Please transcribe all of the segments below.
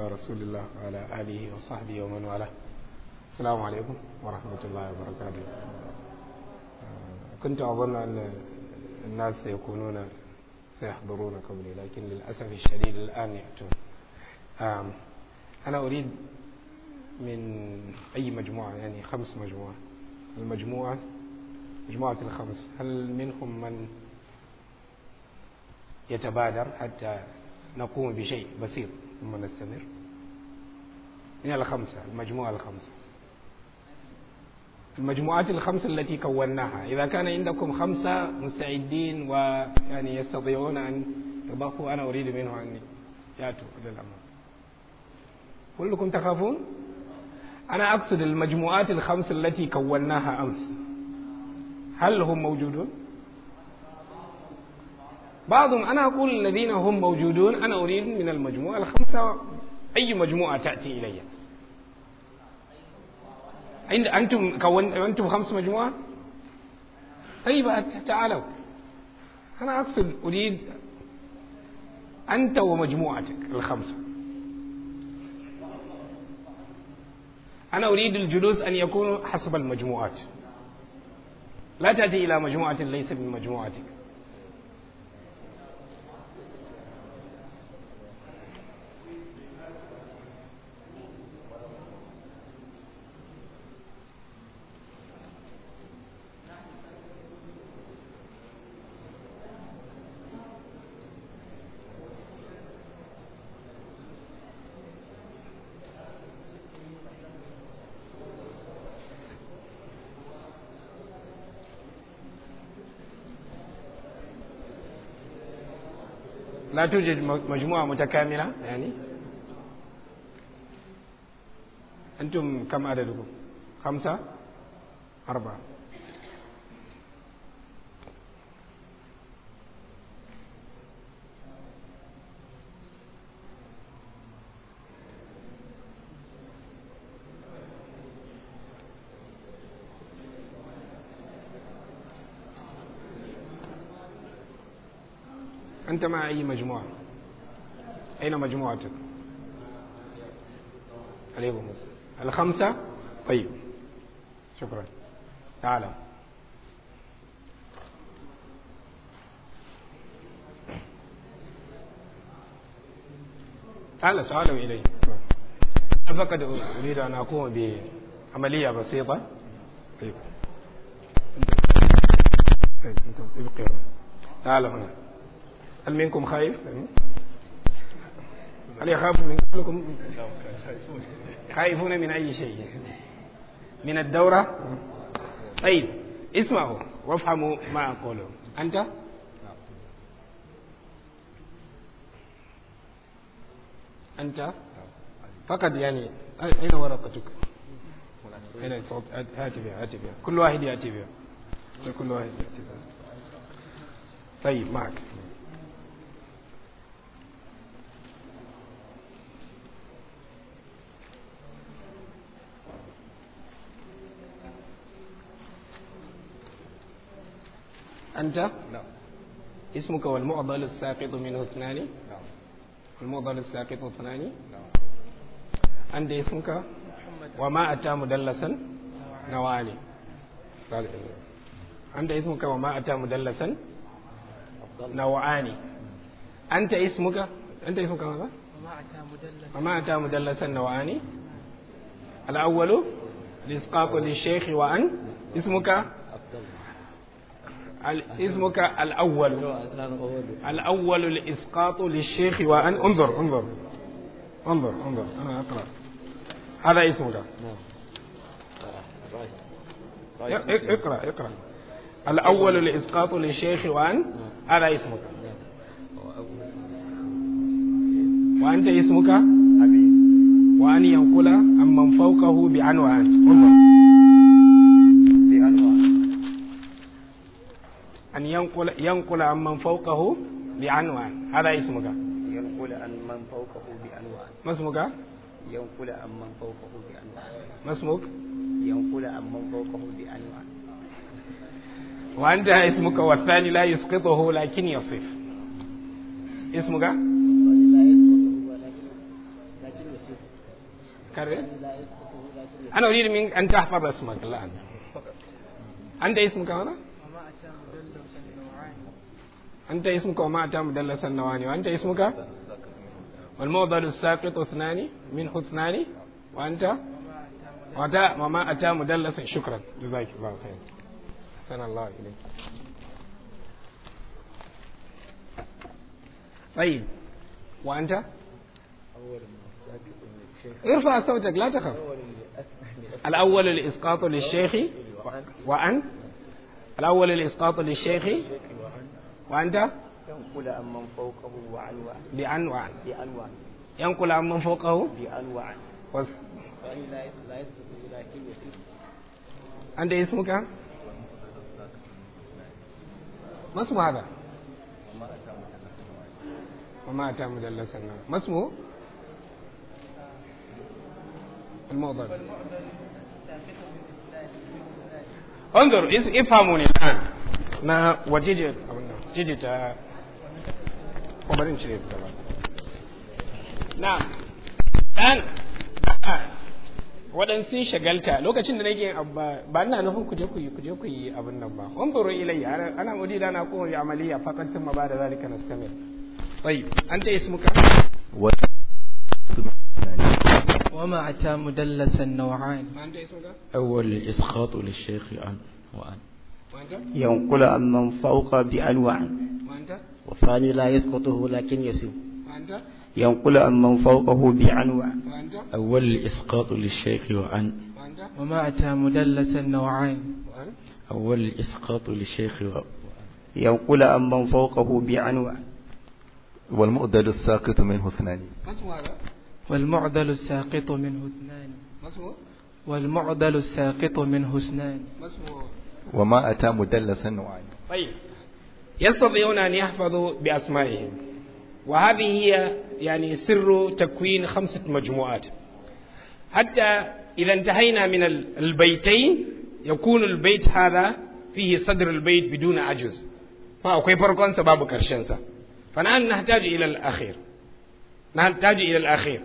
على رسول الله وعلى آله وصحبه ومن والاه السلام عليكم ورحمة الله وبركاته آه، كنت أظن أن الناس سيكونون سيحضرون قبلي لكن للأسف الشديد الآن يأتون أنا أريد من أي مجموعة يعني خمس مجموعة المجموعة مجموعة الخمس هل منهم من يتبادر حتى نقوم بشيء بسيط ثم نستمر هي الخمسة المجموعة الخمسة المجموعات الخمسة التي كوناها إذا كان عندكم خمسة مستعدين ويعني يستطيعون أن يبقوا أنا أريد منه أن يأتوا إلى الأمام كلكم تخافون أنا أقصد المجموعات الخمس التي كوناها أمس هل هم موجودون؟ بعضهم أنا أقول الذين هم موجودون أنا أريد من المجموعة الخمسة أي مجموعة تأتي إلي عند أنتم كون أنتم خمس مجموعة طيب تعالوا أنا أقصد أريد أنت ومجموعتك الخمسة أنا أريد الجلوس أن يكون حسب المجموعات لا تأتي إلى مجموعة ليست من مجموعتك la tujid majmu'a mutakamila yani antum kam adadukum khamsa arba'a أنت مع أي مجموعة أين مجموعتك عليكم السلام الخمسة طيب شكرا تعالى تعالوا تعالوا إلي فقد أريد أن أقوم بعملية بسيطة طيب, طيب، ابقي تعالوا هنا هل منكم خايف هل يخاف من كلكم خايفون من أي شيء من الدورة طيب اسمعوا وافهموا ما أقوله أنت أنت فقط يعني أين ورقتك أين الصوت هاتي بها هاتي بها كل واحد يأتي بها كل واحد يأتي بها طيب معك أنت نعم اسمك والمعضل الساقط منه اثنان نعم المعضل الساقط اثنان نعم أنت اسمك محمد وما أتى مدلسا نوالي أنت اسمك وما أتى مدلسا نوعاني أنت اسمك أنت اسمك ماذا؟ وما أتى مدلسا نوعاني الأول الإسقاط للشيخ وأن اسمك اسمك الأول الأول الإسقاط للشيخ وأن انظر انظر انظر انظر أنا أقرأ هذا اسمك اقرأ اقرأ الأول الإسقاط للشيخ وأن هذا اسمك وأنت اسمك وأن ينقل عمن فوقه بعنوان انظر أن ينقل ينقل عن من فوقه بعنوان هذا اسمك ينقل عن من فوقه بعنوان ما اسمك؟ ينقل عن من فوقه بعنوان ما اسمك؟ ينقل عن من فوقه بعنوان وأنتهى اسمك والثاني لا يسقطه لكن يصف اسمك؟ كرر أنا أريد منك أن تحفظ اسمك الآن أنت اسمك هنا؟ أنت اسمك وما أتى مدلس النواني وأنت اسمك والموضع الساقط اثنان منه اثنان وأنت وأتى وما أتى مدلس شكرا جزاك الله خير أحسن الله إليك طيب وأنت ارفع صوتك لا تخف الأول الإسقاط للشيخ وأن الأول الإسقاط للشيخ وأنت ينقل من أمم فوقه وعنوان بأنوان بأنوان ينقل من أمم فوقه بأنوان وز... لا أنت اسمك؟ ما اسم هذا؟ وما الله سنة ما اسمه؟ الموضع انظر افهموني الآن ما وجدت did it uh, over in Chile. Na'am. Dan waɗansu shagalta lokacin da nake ba ina nufin ku je ku yi ku je ku yi abin nan ba on buru ilayya ana mudi da na ko yi amaliya faqat thumma ba da zalika nastamir tayyib anta ismuka wa وما أتى مدلسا نوعان ما أنت اسمك أول الإسقاط للشيخ عن وأن ينقل من أمم فوق بأنواع وفاني لا يسقطه لكن يسيب ينقل من أمم فوقه بأنواع أول الإسقاط للشيخ وعن وما أتى مدلة نوعين أول الإسقاط للشيخ وعن ينقل من أمم فوقه بأنواع والمعدل الساقط منه اثنان والمعدل الساقط منه اثنان والمعدل الساقط منه اثنان وما أتى مدلسا وعينا طيب يستطيعون أن يحفظوا بأسمائهم وهذه هي يعني سر تكوين خمسة مجموعات حتى إذا انتهينا من البيتين يكون البيت هذا فيه صدر البيت بدون عجز ما أكوي سباب كرشنسا فالآن نحتاج إلى الأخير نحتاج إلى الأخير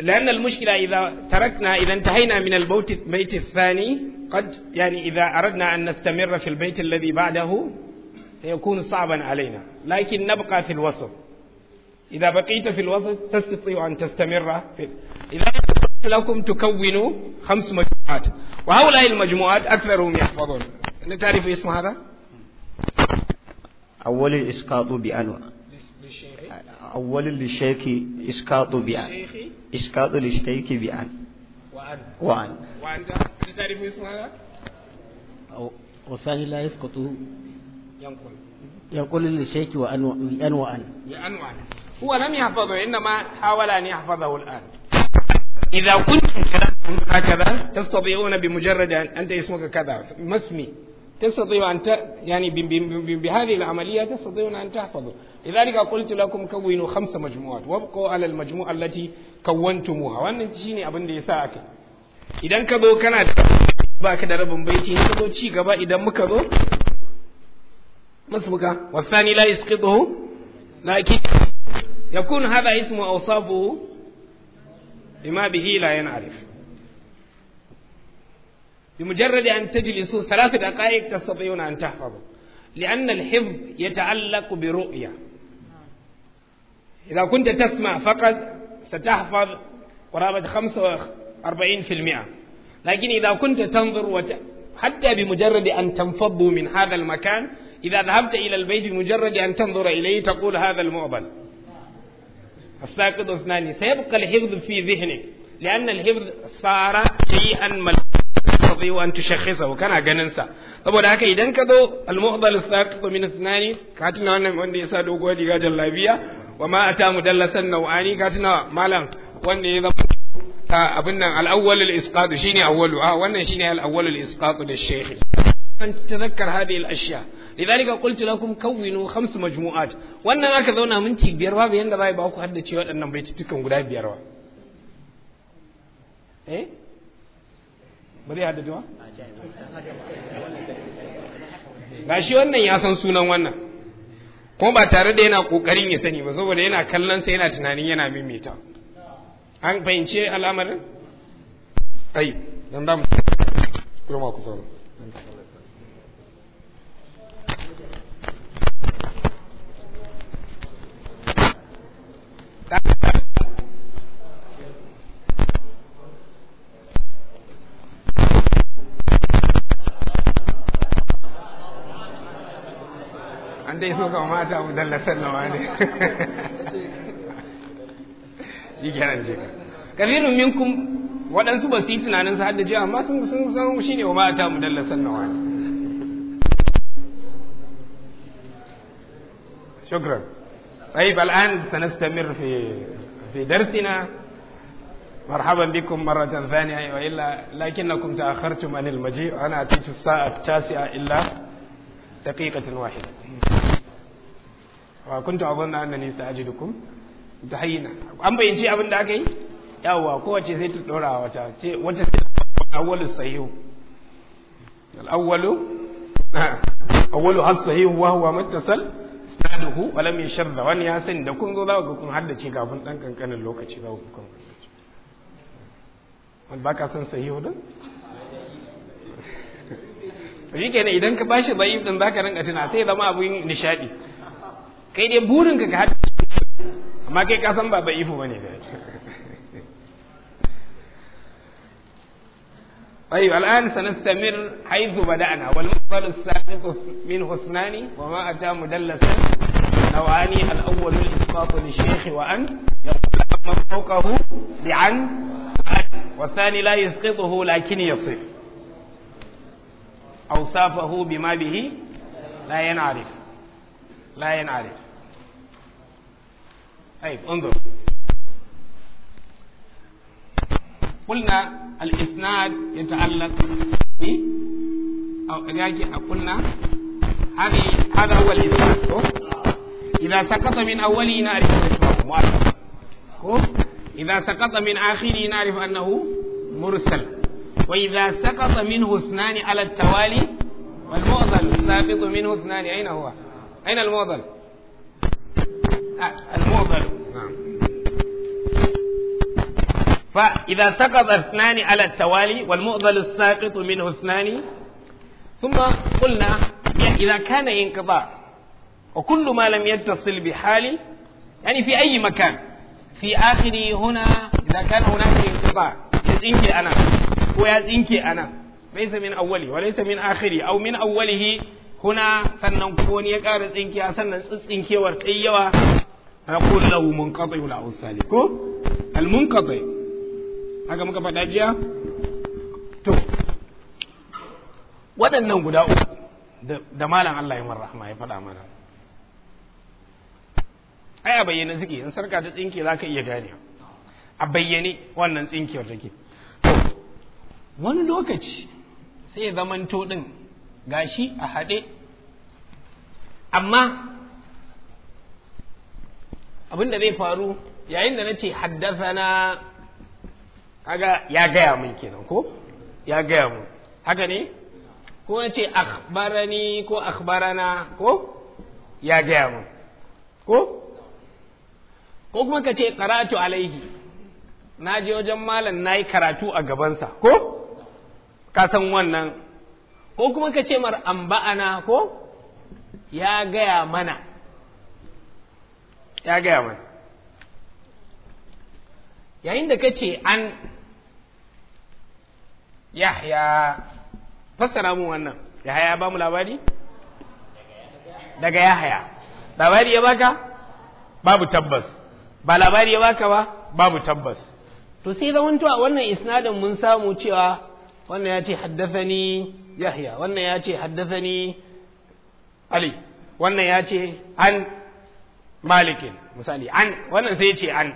لأن المشكلة إذا تركنا إذا انتهينا من البيت الثاني قد يعني إذا أردنا أن نستمر في البيت الذي بعده سيكون صعبا علينا لكن نبقى في الوسط إذا بقيت في الوسط تستطيع أن تستمر في إذا قلت لكم تكونوا خمس مجموعات وهؤلاء المجموعات أكثرهم يحفظون أنت تعرف اسم هذا؟ أول الإسقاط بأنواع أول للشيخ إسقاط بأن إسقاط للشيخ بأن وأن وأن وأن تعرف اسم هذا؟ والثاني لا يسقط ينقل ينقل للشيخ وأن وأن وأن هو لم يحفظه إنما حاول أن يحفظه الآن إذا كنتم هكذا تستطيعون بمجرد أن أنت اسمك كذا ما اسمي تستطيع أن ت... يعني ب... ب... ب... بهذه العملية تستطيعون أن تحفظوا لذلك قلت لكم كونوا خمس مجموعات وابقوا على المجموعة التي كونتموها وأن تجيني أبن دي idan ka zo kana da ba ka da rabin baiti ka zo ci gaba idan muka zo masu wa thani la isqidhu lakin yakun hada ismu awsafu bima bihi la yanarif بمجرد أن تجلسوا ثلاث دقائق تستطيعون أن تحفظوا لأن الحفظ يتعلق برؤية إذا كنت تسمع فقط ستحفظ قرابة خمسة أربعين في المئة لكن إذا كنت تنظر وت... حتى بمجرد أن تنفضوا من هذا المكان إذا ذهبت إلى البيت بمجرد أن تنظر إليه تقول هذا المؤبل الساقط الثاني سيبقى الحفظ في ذهنك لأن الحفظ صار شيئا ملحظي وأن تشخصه وكان أغننسا طب ولكن إذا كذو المؤبل الساقط من الثاني كاتنا أن من يساد وقوة لغاجة وما أتى مدلسا نواني كاتنا مالا وأن إذا abin nan al-awwal al-isqat shine awwalu ah wannan shi ne awwal al-isqat da shaykh an tadhakkar hadhihi al-ashya lidhalika qultu kuma kawwinu khams majmu'at wannan aka zauna minti biyar babu yanda za a yi ba ku haddace waɗannan baitutukan guda biyar ba eh bari haddadu ba shi wannan ya san sunan wannan kuma ba tare da yana ƙoƙarin ya sani ba saboda yana kallon sai yana tunanin yana mimita an fahimci al'amarin ai dan damu kuma ku an dai so ga mata mu dalla nawa ne kalilun minkum ba su yi tunanin su amma sun sun san wa mata nawa شكرا طيب الآن سنستمر في في درسنا مرحبا بكم مرة ثانية وإلا لكنكم تأخرتم عن المجيء أنا أتيت الساعة التاسعة إلا دقيقة واحدة وكنت أظن أنني سأجدكم ta hayyana an bayyance abin da aka yi yawwa kowace sai ta dora wata ce wata sai ta awwalu sahihu al-awwalu awwalu as-sahihu wa huwa muttasal taduhu wa lam yashar wani ya sani da kun zo za ku kun haddace kafin dan kankanin lokaci za ku kun wani baka san sahihu din shi kenan idan ka bashi bai din zaka rinka tuna sai zama abin nishadi kai dai burinka ka haddace amma kai kasan ba ba ifo bane ga طيب الآن سنستمر حيث بدأنا والمفضل السابق من حسنان وما أتى مدلسا نوعاني الأول الإسقاط للشيخ وأن يقول أما فوقه بعن والثاني لا يسقطه لكن يصف أوصافه بما به لا ينعرف لا ينعرف طيب انظر قلنا الإسناد يتعلق ب أو قلنا هذه هذا هو الإسناد إذا سقط من أوله نعرف أنه إذا سقط من آخره نعرف أنه مرسل وإذا سقط منه اثنان على التوالي والمعضل السابق منه اثنان أين هو؟ أين المعضل؟ موضع نعم. فإذا سقط اثنان على التوالي والمؤضل الساقط منه اثنان ثم قلنا إذا كان انقطاع وكل ما لم يتصل بحال يعني في أي مكان في آخره هنا إذا كان هناك انقطاع يزنك أنا ويزنك أنا ليس من أوله وليس من آخره أو من أوله هنا sannan يقارس انكي سننس انكي tsinkiya sannan aqul lahu munqati wal awsali ko al munqati haka muka faɗa jiya to waɗannan guda uku da malam Allah ya rahma ya faɗa mana ai a bayyane in sarka ta za ka iya gane a bayyane wannan tsinkewar take wani lokaci sai zamanto ɗin gashi a haɗe amma abinda zai faru yayin da na ce haddasana kaga ya gaya min kenan ko ya gaya min haka ne ko na ce akhbarani ko akhbarana ko ya gaya min ko ko kuma ka ce karatu alaihi na je wajen malam na yi karatu a gabansa ko ka san wannan ko kuma ka ce mar amba'ana ko ya gaya mana ya gaya mai yayin da ka ce an yahya fassara mu wannan yahya ba mu labari daga yahya labari ya baka babu tabbas ba labari ya baka ba babu tabbas to sai zamanto a wannan isnadin mun samu cewa wannan ya ce haddasani yahya wannan ya ce haddasani ali wannan ya ce an malikin misali an wannan sai ce an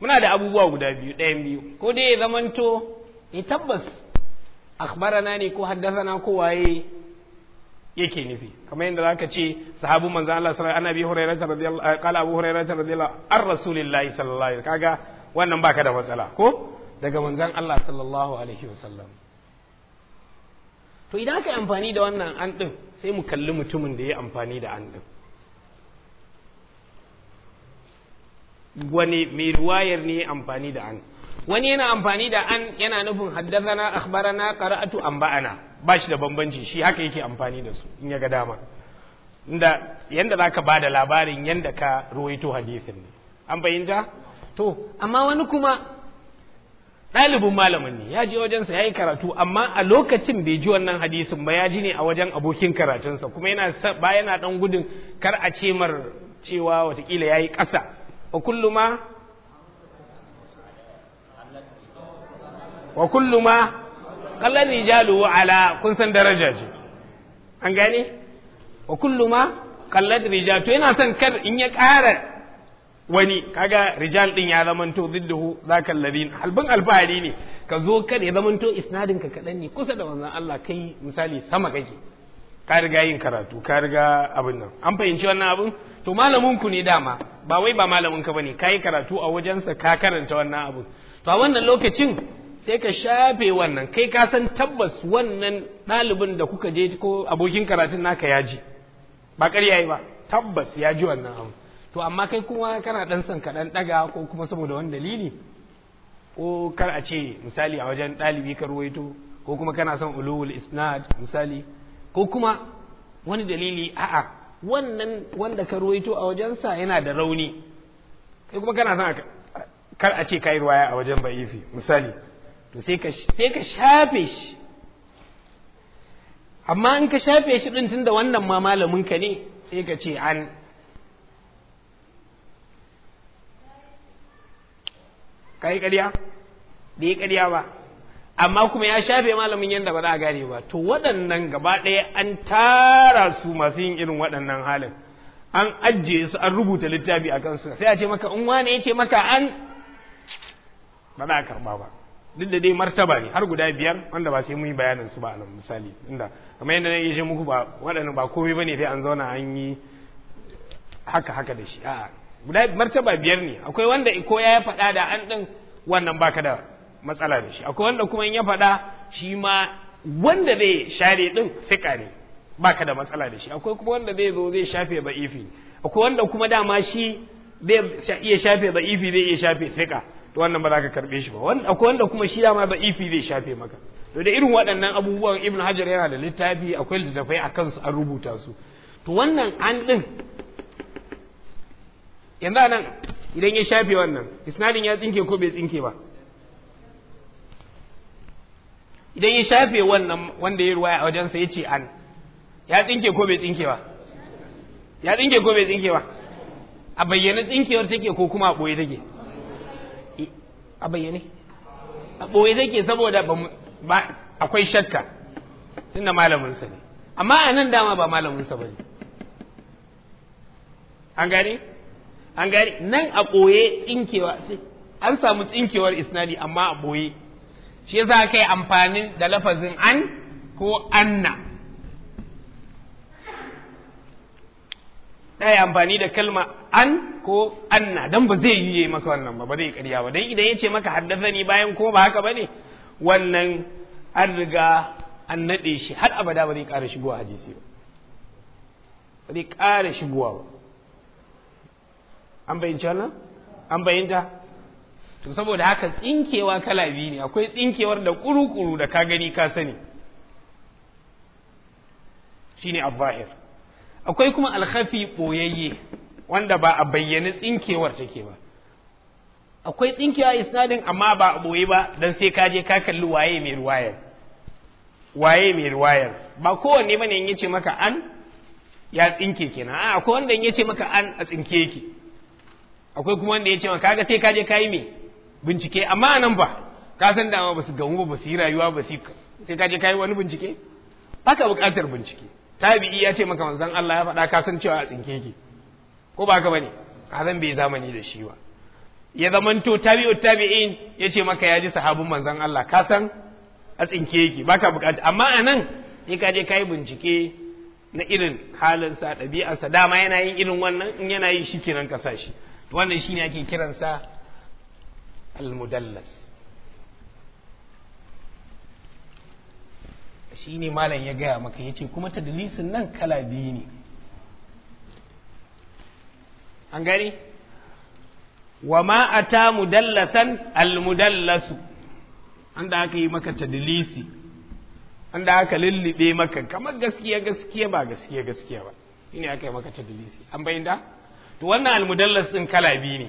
muna da abubuwa guda biyu ɗayan biyu ko dai ya zamanto ya eh, tabbas akbarana ne ko haddasana ko waye yake nufi kamar yadda zaka ce sahabu manzo Allah sallallahu alaihi wasallam Hurairah radiyallahu qala Abu Hurairah radiyallahu an rasulillahi sallallahu alaihi kaga wannan baka da matsala ko daga manzon Allah sallallahu alaihi wasallam to idan aka amfani da wannan an din sai mu kalli mutumin da ya amfani da an din wani mai ruwayar ne amfani da an wani yana amfani da an yana nufin haddathana akhbarana qara'atu ba'ana ba shi da bambanci shi haka yake amfani da su in ya ga dama inda yanda zaka da labarin yanda ka ruwaito hadisin ne an bayyana to amma wani kuma ɗalibin malamin ne ya je wajensa ya yi karatu amma a lokacin bai ji wannan hadisin ba ya ji ne a wajen abokin karatunsa kuma yana ba yana ɗan gudun kar a ce cewa watakila ya yi ƙasa wa kullu ma wa kullu ma kallan rijalu ala kun san daraja ce an gane wa kullu ma rijal to yana son kar in ya ƙara wani kaga rijal din ya zamanto zidduhu zaka alladhin halbin alfahari ne ka zo kar ya zamanto isnadin ka kaɗan ne kusa da manzon Allah kai misali sama kake ka riga yin karatu ka riga abin nan an fahimci wannan abin to malamin ku ne dama ba wai ba malamin ka bane kai karatu a wajensa ka karanta wannan abu to a wannan lokacin sai ka shafe wannan kai ka san tabbas wannan ɗalibin da kuka je ko abokin karatun naka ya ji ba ƙarya yi ba tabbas ya ji wannan abu to amma kai kuma kana ɗan san ka dan ɗaga ko kuma saboda wani dalili ko kar a ce misali a wajen ɗalibi ka ruwaito ko kuma kana son ulul isnad misali ko kuma wani dalili a'a wannan wanda ka ruwaito a wajensa yana da rauni kai kuma kana son kar a ce kai ruwaya a wajen ba'ifi misali to sai ka sai ka shafe shi amma in ka shafe shi din tunda wannan ma malamin ka ne sai ka ce an kai ƙarya bai ƙarya ba amma kuma ya shafe malamin yadda ba za a gane ba to waɗannan gaba ɗaya an tara su masu yin irin waɗannan halin an ajiye su an rubuta littafi a kansu sai a ce maka in wane ya ce maka an ba za a karɓa ba duk da dai martaba ne har guda biyar wanda ba sai mun yi bayanin su ba a misali inda kamar yadda na yi muku ba waɗannan ba komai ba ne sai an zauna an yi haka haka da shi a'a guda martaba biyar ne akwai wanda ko ya faɗa da an ɗin wannan baka da matsala da shi akwai wanda kuma in ya faɗa shi ma wanda zai share ɗin fiƙa ne baka da matsala da shi akwai kuma wanda zai zo zai shafe ba ifi akwai wanda kuma dama shi zai iya shafe ba ifi zai iya shafe fiƙa to wannan ba za ka karɓe shi ba akwai wanda kuma shi dama ba ifi zai shafe maka to da irin waɗannan abubuwan ibn hajar yana da littafi akwai littattafai a kansu an rubuta su to wannan an ɗin yanzu nan idan ya shafe wannan isnadin ya tsinke ko bai tsinke ba idan ya shafe wannan wanda ya ruwaya a wajensa ya ce an ya tsinke ko bai tsinke ba ya tsinke ko bai tsinke ba a bayyane tsinkewar take ko kuma a ɓoye take a bayyane a ɓoye take saboda akwai shakka tunda sa ne amma a nan dama ba malamin ba ne an gane an gane nan a ɓoye tsinkewa an samu tsinkewar isnadi amma a ɓoye shi sa-ka yi amfani da lafazin an ko anna yi amfani da kalma an ko anna don ba zai yi yi maka wannan ba ba zai karya ba don idan ya ce maka haddasa ne bayan ko ba haka ba ne wannan an riga an naɗe shi har abada ba zai ƙara shigowa hadisi ba ba zai ƙara shigowa ba an bayyanta wannan an bayyanta to saboda haka tsinkewa kala biyu ne akwai tsinkewar da kuru-kuru da ka gani ka sani shine abahir akwai kuma alhafi ɓoyayye wanda ba a bayyane tsinkewar take ba akwai tsinkewa isnadin amma ba a ɓoye ba don sai ka je ka kalli waye mai ruwayar waye mai ruwayar ba kowanne bane in yace maka an ya tsinke kenan a akwai wanda in yace maka an a tsinke yake akwai kuma wanda yace maka kaga sai ka je ka yi bincike amma nan ba ka san dama ba su gamu ba ba su yi rayuwa ba su sai ka je ka yi wani bincike ka buƙatar bincike tabi'i ya ce maka manzon Allah ya faɗa ka san cewa a tsinke ki ko ba ka bane ka san bai zamani da shi ba ya zamanto tabi'u tabi'in ya ce maka ya ji sahabin manzon Allah ka san a tsinke ba ka bukata amma a nan sai ka je ka yi bincike na irin halinsa ɗabi'arsa dama yana yin irin wannan in yana yi shi kenan ka sa shi wannan shine ake kiransa المدلس shi ne malam ya gaya maka ya ce kuma tadlisin nan kala biyu ne an gani wa ma ta mudallasan almudallasu an da aka yi maka tadlisi an da aka lullube maka kamar gaskiya gaskiya ba gaskiya gaskiya ba shi ne aka yi maka tadlisi an bayin da to wannan almudallas kala biyu ne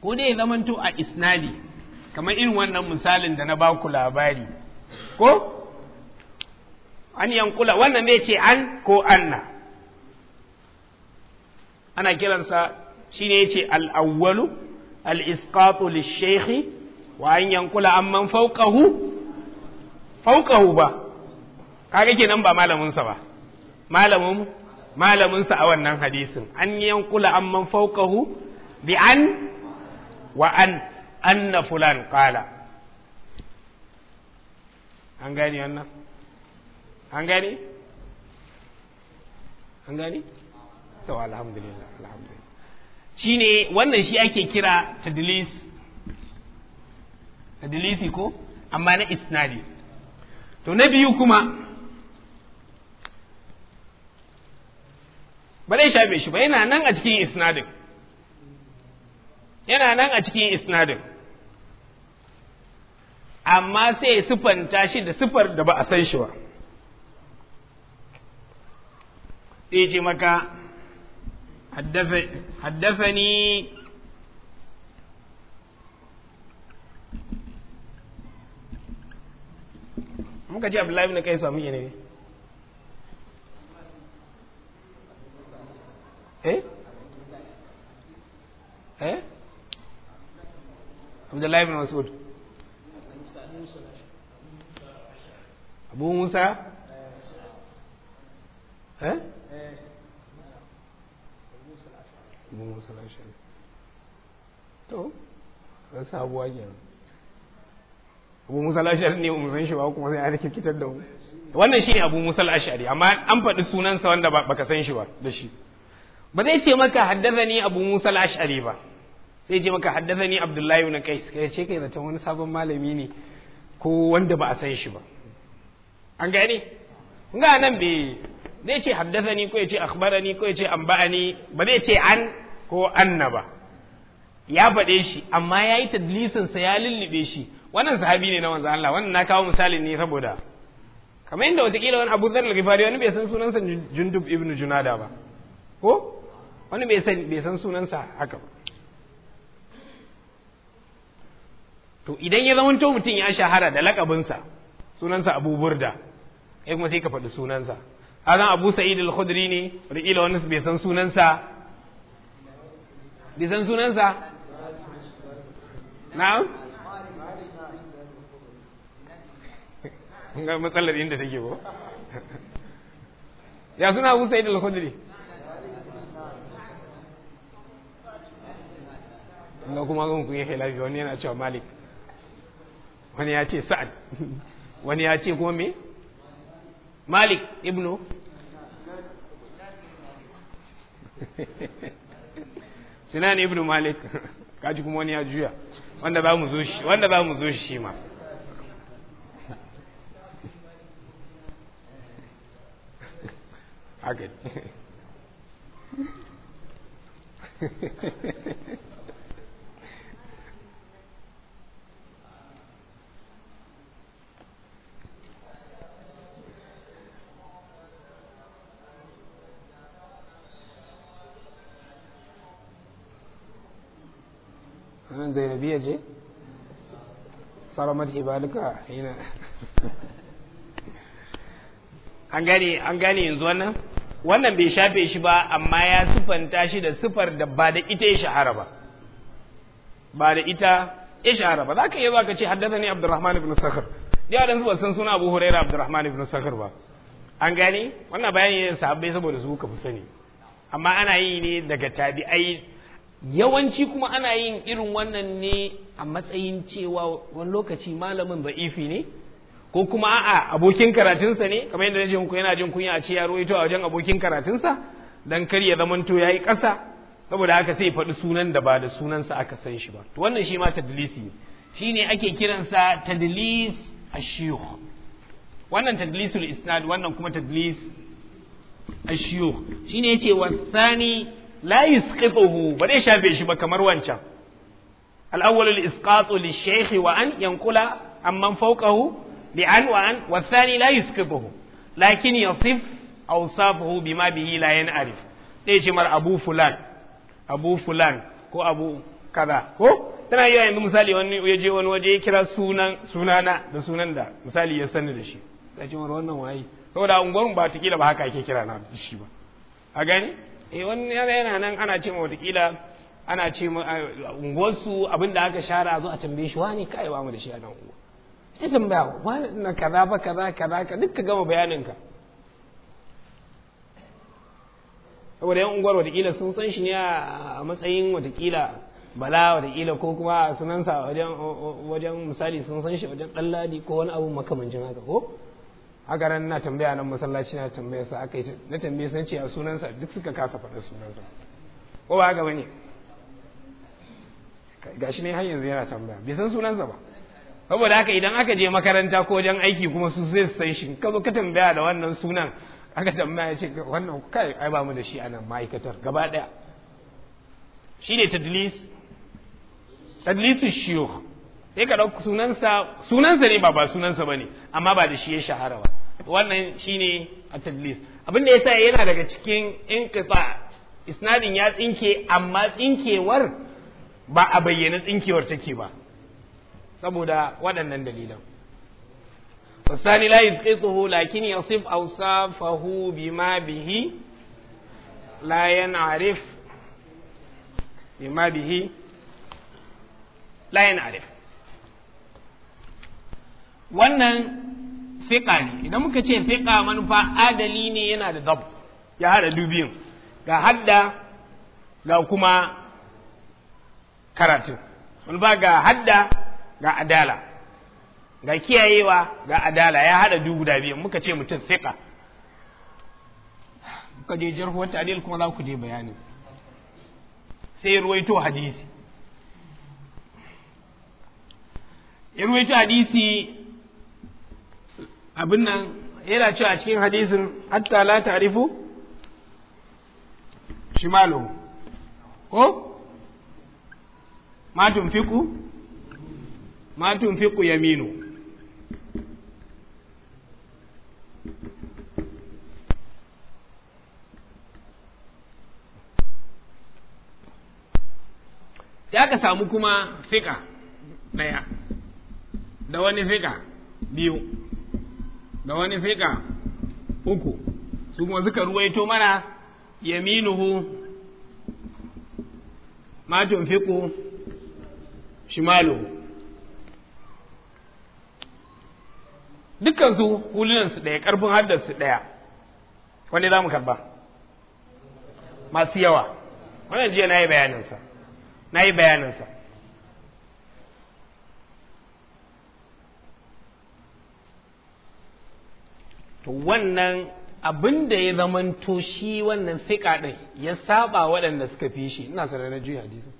ko dai zamanto a isnadi kamar irin wannan misalin da na baku labari ko an yankula wannan zai ce an ko anna ana kiransa shi ne ce al'awwalu al'isƙatu lishekhi wa an yankula amman fauƙahu fauƙahu ba kaga kenan ba malaminsa ba malamin malaminsa a wannan hadisin an yankula amman fauƙahu bi an wa an anna fulan qala an gani wannan an gani an gani to alhamdulillah alhamdulillah shine wannan shi ake kira tadlis tadlisi ko amma na isnadi to na biyu kuma ba zai shafe shi ba yana nan a cikin isnadin yana nan a cikin isnadin amma sai siffanta shi da siffar da ba a san shi ba sai ce maka ni muka ji laifin na kai samu ne eh eh abdullahi ibn mas'ud abu musa eh abu musa al-ashari to sabuwa kenan abu musa al-ashari ne mu san shi ba kuma sai an rikitar da mu wannan shine abu musa al-ashari amma an faɗi sunansa wanda baka san shi ba da shi ba zai ce maka ni abu musa al-ashari ba sai je maka ni abdullahi ibn kai suka ce kai zaton wani sabon malami ne ko wanda ba a san shi ba an gani ga nan be zai ce ni ko ya ce akhbarani ko ya ce anba'ani ba zai ce an ko anna ba ya faɗe shi amma ya yi tadlisin sa ya lullube shi wannan sahabi ne na wanzan Allah wannan na kawo misali ne saboda kamar yadda watakila wani Abu Dharr al-Ghifari wani bai san sunansa Jundub ibn Junada ba ko wani bai san sunansa haka ba to idan ya zamanto mutum ya shahara da lakabinsa sunansa abu burda ya kuma sai ka faɗi sunansa a zan abu sa'id al-khudri ne rikila wani bai san sunansa bai san sunansa na'am ga matsalar inda take ko ya suna abu sa'id al-khudri ga kuma zan kun yi khilafi wani yana cewa malik wani ya ce sa'ad wani ya ce gome malik ibnu sinan ibnu malik kaji kuma wani ya juya wanda ba mu zo shi ma nan zainabiya je saramar hibalika hina an gane an gane yanzu wannan wannan bai shafe shi ba amma ya sufanta shi da sufar da ba da ita ya shahara ba ba da ita ya shahara ba za ka yi zuwa ka ce haddasa ne abdurrahman ibn sakhar yawa dan san suna abu huraira abdurrahman ibn sakhar ba an gane wannan bayani ne sahabbai saboda su ka fi sani amma ana yi ne daga tabi'ai yawanci kuma ana yin irin wannan ne a matsayin cewa wani lokaci malamin za'ifi ne ko kuma a abokin karatunsa ne kamar yadda nace muku yana jin kunya a ce ya ito a wajen abokin karatunsa dan kar ya zamanto yi ƙasa saboda haka sai faɗi sunan da ba da sunansa aka san shi ba to wannan shi ma tadlisi ne shine ake kiransa tadlis ashiyukh wannan tadlisul isnad wannan kuma tadlis ashiyukh shine yace wa thani la yisqituhu ba zai shafe shi ba kamar wancan al-awwal al-isqatu lish-shaykh wa an yanqula amman fawqahu li an wa an wa thani la yisqituhu lakin yasif awsafuhu bima bihi la ce mar abu abu ko abu kaza ko tana iya yanzu misali wani ya je wani waje ya kira sunan sunana da sunan da misali ya sani da shi sai ce wannan waye saboda unguwar ba ta kila ba haka ake kira na shi ba a gani eh wani yana nan ana ce ma watakila ana ce ma unguwarsu abin da aka share a zo a tambaye shi wani kai ba mu da shi a nan uwa ita tambaya wani na kaza ba kaza kaza ka duk ka gama bayanin ka saboda yan unguwar watakila sun san shi ne a matsayin watakila bala watakila ko kuma a sunansa wajen misali sun san shi wajen ɗan ladi ko wani abu makamancin haka ko haka nan na tambaya nan masallaci na tambaya sa aka yi na tambaye san ce a sunansa duk suka kasa faɗa sunansa ko ba ga bane gashi ne har yanzu yana tambaya bai san sunansa ba saboda haka idan aka je makaranta ko wajen aiki kuma su zai san shi ka zo ka tambaya da wannan sunan aka tambaya ya ce wannan kai ai ba mu da shi a nan ma'aikatar gaba ɗaya shi ne tadlis tadlis shiyu sai ka ɗauki sunansa sunansa ne ba ba sunansa ba ne amma ba da shi ya shahara ba wannan shine a tadlis abin da yasa yana daga cikin kasa isnadin ya tsinke amma tsinkewar ba a bayyana tsinkewar take ba saboda waɗannan dalilan والثاني لا يدققه لكن يصف أوصافه بما به لا ينعرف بما bihi لا wannan fiƙa ne idan muka ce fiƙa manufa adali ne yana da zab ya haɗa dubin ga hadda ga kuma karatu manufa ga hadda ga adala ga kiyayewa ga adala ya haɗa du guda biyan muka ce mutum fiƙa muka je wata adil kuma za ku je bayani sai ruwaito hadisi ya ruwaito hadisi abin nan yana ce a cikin hadisin hatta la ta'rifu shimalu ko ma tunfiku ma tunfiku yaminu ya ka samu kuma fika ɗaya da wani fika biyu da wani fika uku su kuma suka ruwaito mana yaminuhu ma tunfiqu shimaluhu dukkan su hulunan ɗaya ƙarfin haddarsu ɗaya wani za mu karba masu yawa wannan jiya na yi bayaninsa na yi bayaninsa to wannan abin da ya zamanto shi wannan fika ɗin ya saba waɗanda suka fi shi ina sanar na juya hadisin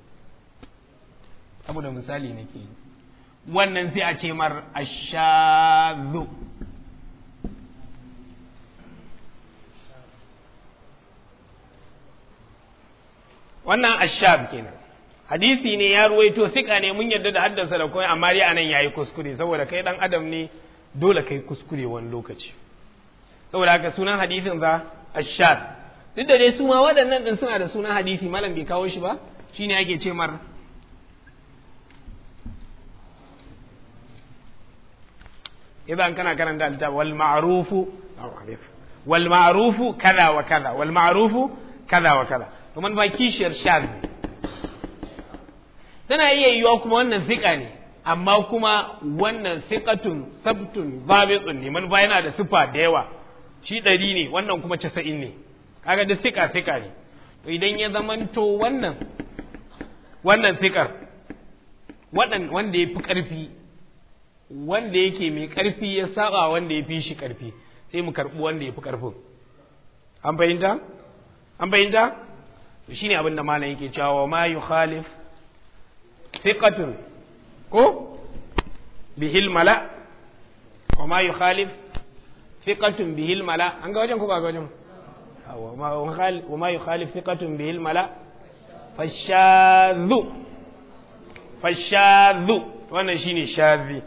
abu da misali nake yi wannan sai a ce mar ashazu wannan ashab kenan hadisi ne ya ruwaito fika ne mun yarda da haddasa da kuma amma nan ya yi kuskure saboda kai ɗan adam ne dole kai kuskure wani lokaci saboda haka sunan hadisin za a shar. duk da dai su ma waɗannan ɗin suna da sunan hadisi malam bai kawo shi ba shine ake ce mar idan kana karanta littafi wal ma'rufu wal ma'rufu kaza wa kaza wal ma'rufu kaza wa kaza to man ba kishiyar ne. tana iya yiwuwa kuma wannan fiƙa ne amma kuma wannan fiƙatun sabtun zabitsun ne man ba yana da sufa da yawa shi ɗari ne wannan kuma casa'in ne kaga da sika sika ne to idan ya zamanto wannan wannan sikar wanda ya fi ƙarfi wanda yake mai ƙarfi ya saba wanda ya fi shi ƙarfi sai mu karɓi wanda ya fi ƙarfin an fahimta an fahimta shi ne abinda malam yake cewa ma yu khalif thiqatun ko bihil mala wa ma yu khalif thiqatun bihil mala an ga wajen ko ba ga wajen wa ma yukhalif thiqatun bihil mala fashadhu fashadhu wannan shine shadhi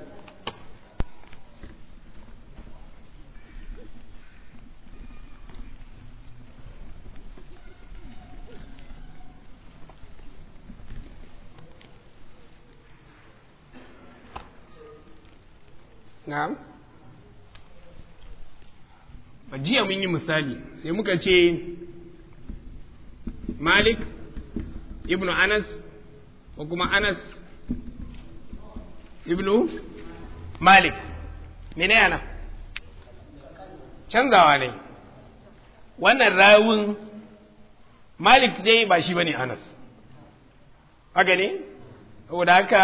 نعم jiya mun yi misali sai muka ce malik ibnu anas ko kuma anas ibnu malik mene yana canzawa ne wannan rawun malik dai ba shi bane anas haka ne saboda haka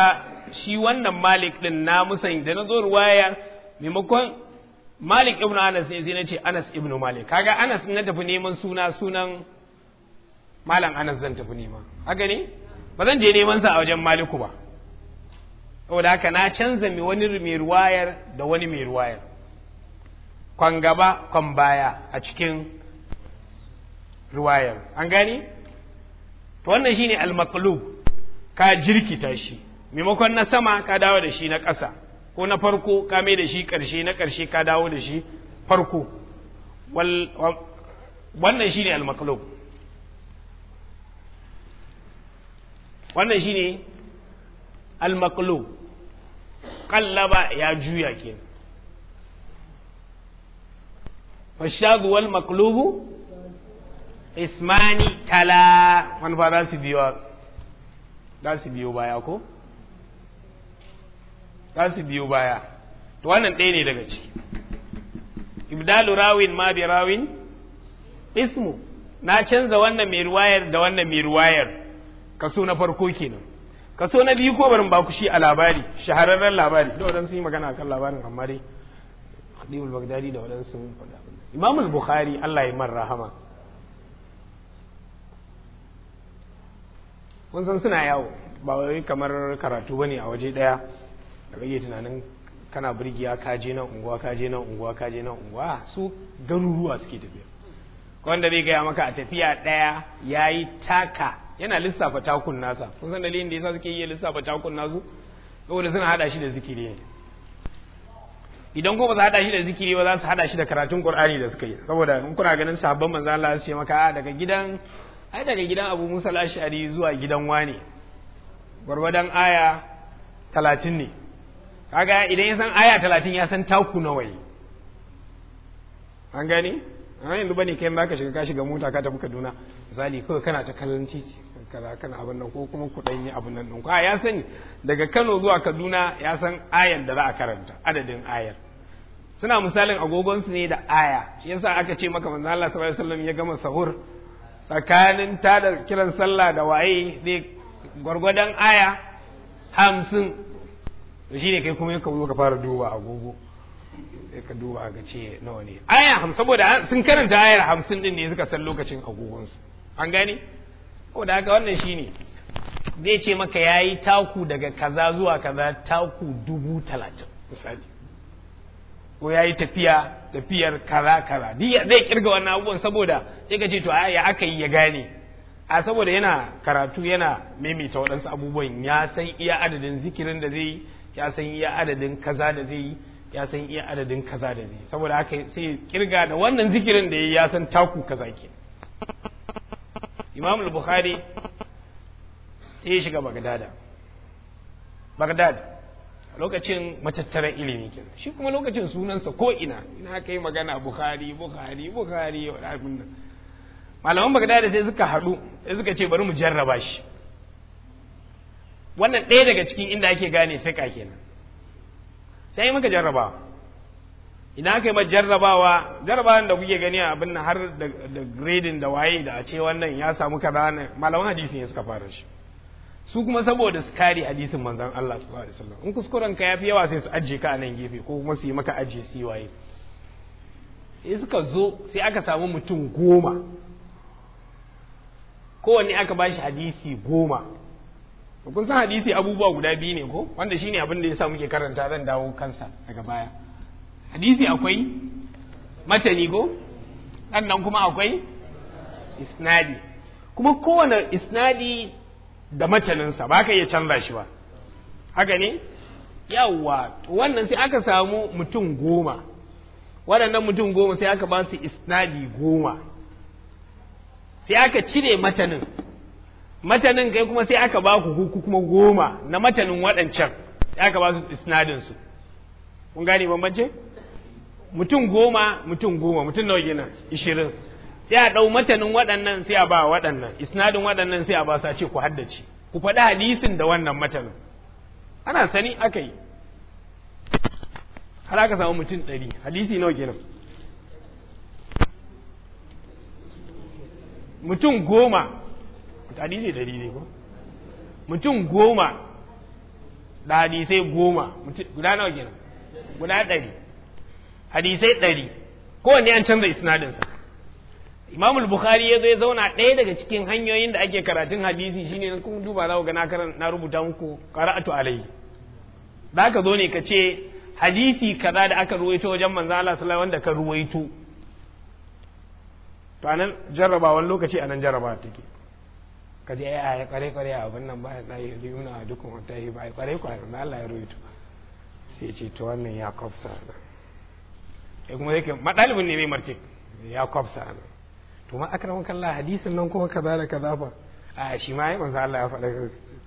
shi wannan malik din na musayin da na zo ruwaya maimakon Malik ibn Anas ne sai na ce Anas ibn Malik kaga Anas na tafi neman suna sunan Malam Anas zan tafi nema haka ne ba zan je neman sa a wajen Maliku ba saboda haka na canza mi wani mai ruwayar da wani mai ruwayar kwan gaba kwan baya a cikin ruwayar an gani to wannan shine al-maqlub ka jirkita shi maimakon na sama ka dawo da shi na ƙasa ko na farko ka mai da shi ƙarshe na ƙarshe ka dawo da shi farko wannan shi ne almakalub wannan shi ne almakalub ƙallaba ya juya ke fashaguwal maklubu ismani tala wani ba za su biyo baya ko? za su biyo baya to wannan ɗaya ne daga ciki ibdalu rawin ma bi rawin ismu na canza wannan mai ruwayar da wannan mai ruwayar kaso na farko kenan kaso na biyu ko barin ba ku shi a labari shahararren labari da wadansu yi magana kan labarin amma dai Khadijul da wadansu sun faɗa imamul Bukhari Allah ya mar rahama kun san suna yawo ba wai kamar karatu bane a waje daya da iya tunanin kana birgiya ka je nan unguwa ka je nan unguwa ka je nan unguwa su garuruwa suke tafiya wanda zai gaya maka a tafiya ɗaya ya yi taka yana lissafa takun nasa kun san dalilin da yasa suke iya lissafa takun nasu saboda suna hada shi da zikiri ne idan ko ba su hada shi da zikiri ba za su hada shi da karatun qur'ani da suka yi saboda in kuna ganin sabon manzo Allah ya ce maka ah, daga gidan ai daga gidan Abu Musa al-Ash'ari zuwa gidan wane gwargwadon aya talatin ne kaga idan ya san aya talatin ya san taku nawa yi an gani an yanzu ne kai ba ka shiga ka ga mota ka tafi kaduna misali kawai kana ta kallon titi kaza kana abin nan ko kuma kuɗin yi abin nan ɗin ko ya sani daga kano zuwa kaduna ya san ayar da za a karanta adadin ayar suna misalin agogonsu ne da aya shi yasa aka ce maka manzo Allah sallallahu alaihi wasallam ya gama sahur tsakanin da kiran sallah da waye zai gwargwadon aya hamsin to shi ne kai kuma yakan zo ka fara duba agogo sai ka duba ga ce nawa ne aya hamsin saboda sun karanta ayar hamsin din ne suka san lokacin agogonsu an gane ko da haka wannan shi ne. zai ce maka ya yi taku daga kaza zuwa kaza taku dubu talatin misali ko yi tafiya tafiyar kaza kaza zai kirga wannan abubuwan saboda sai ka ce to ya aka yi ya gane a saboda yana karatu yana maimaita waɗansu abubuwan ya san iya adadin zikirin da zai yi ya san iya adadin kaza da zai yi ya san iya adadin kaza da zai saboda haka sai kirga da wannan zikirin da ya san taku kaza ke imam al-bukhari ta yi shiga bagdada bagdad lokacin matattaran ilimi ke. shi kuma lokacin sunansa ko ina ina kai magana bukhari bukhari bukhari wa malaman bagdada sai suka haɗu sai suka ce bari mu jarraba shi wannan ɗaya daga cikin inda ake gane fiƙa kenan sai yi maka jarrabawa idan aka yi ma jarrabawa jarrabawan da kuke gani abin har da gradin da waye da a ce wannan ya samu kaza ne malaman hadisi ne suka fara shi su kuma saboda su kare hadisin manzan Allah sallallahu alaihi wasallam in kuskuren ka yafi yawa sai su ajiye ka a nan gefe ko kuma su yi maka ajiye su yi waye sai suka zo sai aka samu mutum goma kowanne aka ba shi hadisi goma kun san hadisi abubuwa guda biyu ne ko wanda shine abin da yasa muke karanta zan dawo kansa daga baya hadisi akwai matani ko sannan kuma akwai isnadi kuma kowane isnadi da mataninsa ba ka iya canza shi ba haka ne yawwa wannan sai aka samu mutum goma waɗannan mutum goma sai aka ba su isnadi goma sai aka cire matanin matanin kai kuma sai aka ba ku ku kuma goma na matanin waɗancan aka ba su isnadinsu kun gane bambance mutum goma mutum goma mutum nawa gina ishirin sai a ɗau matanin waɗannan sai a ba waɗannan isnadin waɗannan sai a ba su a ce ku haddace ku faɗi hadisin da wannan matanin ana sani aka yi har aka samu mutum ɗari hadisi nawa gina? mutum goma hadisi dari ne ko mutum goma da hadisai goma guda nawa kenan guda ɗari hadisai ɗari kowanne an canza isnadinsa imam bukhari ya zai zauna ɗaya daga cikin hanyoyin da ake karatun hadisi shine na kun duba za ku ga na rubuta muku qara'atu alayhi da ka zo ne ka ce hadisi kaza da aka ruwaito wajen manzo Allah sallallahu wanda ka ruwaito to anan jarrabawan lokaci anan jarrabawa take ka je ai ai kware kware abin nan ba la yuna dukkan wata yi ba ai kware kware na Allah ya sai ya ce to wannan ya kofsa ya eh, kuma ke madalibin ne mai marci ya kofsa to ma akramun kallah hadisin nan kuma kaza da kaza ba a shi ma manzo Allah ya faɗa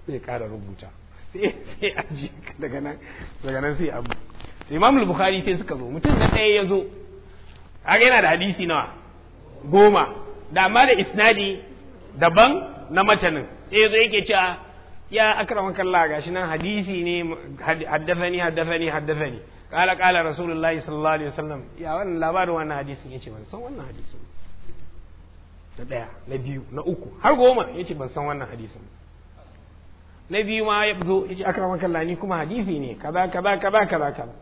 sai ƙara rubuta sai aji daga nan daga nan sai abu Imam al-Bukhari sai suka zo mutum da ɗaya ya zo kaga yana da hadisi nawa goma da amma da isnadi daban na matanin sai zo yake cewa ya akraman kalla gashi nan hadisi ne haddafani haddafani haddafani qala qala rasulullahi sallallahu alaihi wasallam ya wannan labarin wannan hadisin yace ban san wannan hadisin na daya na biyu na uku har goma yace ban san wannan hadisin na biyu ma ya zo yace akraman kalla ni kuma hadisi ne kaza kaza kaza kaza kaza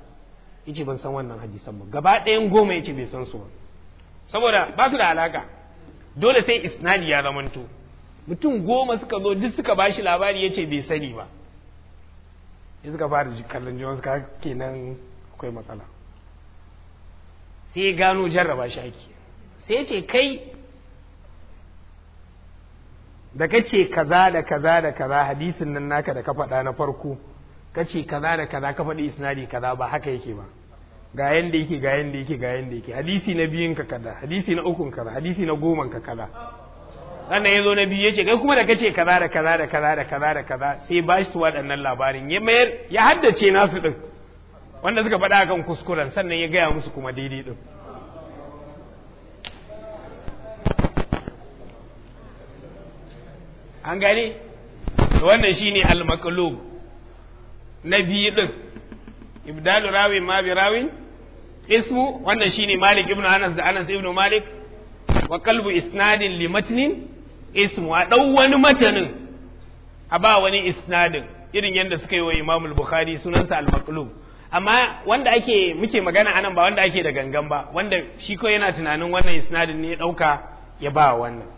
yace ban san wannan hadisan ba gaba ɗayan goma yace bai san su ba saboda ba su da alaka dole sai isnadi ya zamanto mutum goma suka zo duk suka ba shi labari ya ce bai sani ba ya suka fara kallon jiwon suka kenan akwai matsala sai ya gano jarraba shi ake sai ya ce kai da ka ce kaza da kaza da kaza hadisin nan naka da ka faɗa na farko ka ce kaza da kaza ka faɗi isnadi kaza ba haka yake ba ga yanda yake ga yanda yake ga yanda yake hadisi na biyun ka kaza hadisi na ukun kaza hadisi na goman ka kaza sannan ya zo na biyu ya ce kai kuma da kace kaza da kaza da kaza da kaza da kaza sai ba shi waɗannan labarin ya mayar ya haddace nasu ɗin wanda suka faɗa kan kuskuren sannan ya gaya musu kuma daidai ɗin an gane wannan shine al-maqlub na biyu ɗin ibdalu rawi ma bi rawin ismu wannan shine malik ibnu anas da anas ibnu malik wa qalbu isnadin li ismu a ɗau wani matanin a ba wani isnadin irin yadda suka yi wa imamul bukhari sunansa al-maqlub amma wanda ake muke magana anan ba wanda ake da gangan ba wanda shi ko yana tunanin wannan isnadin ne ya ɗauka ya ba wannan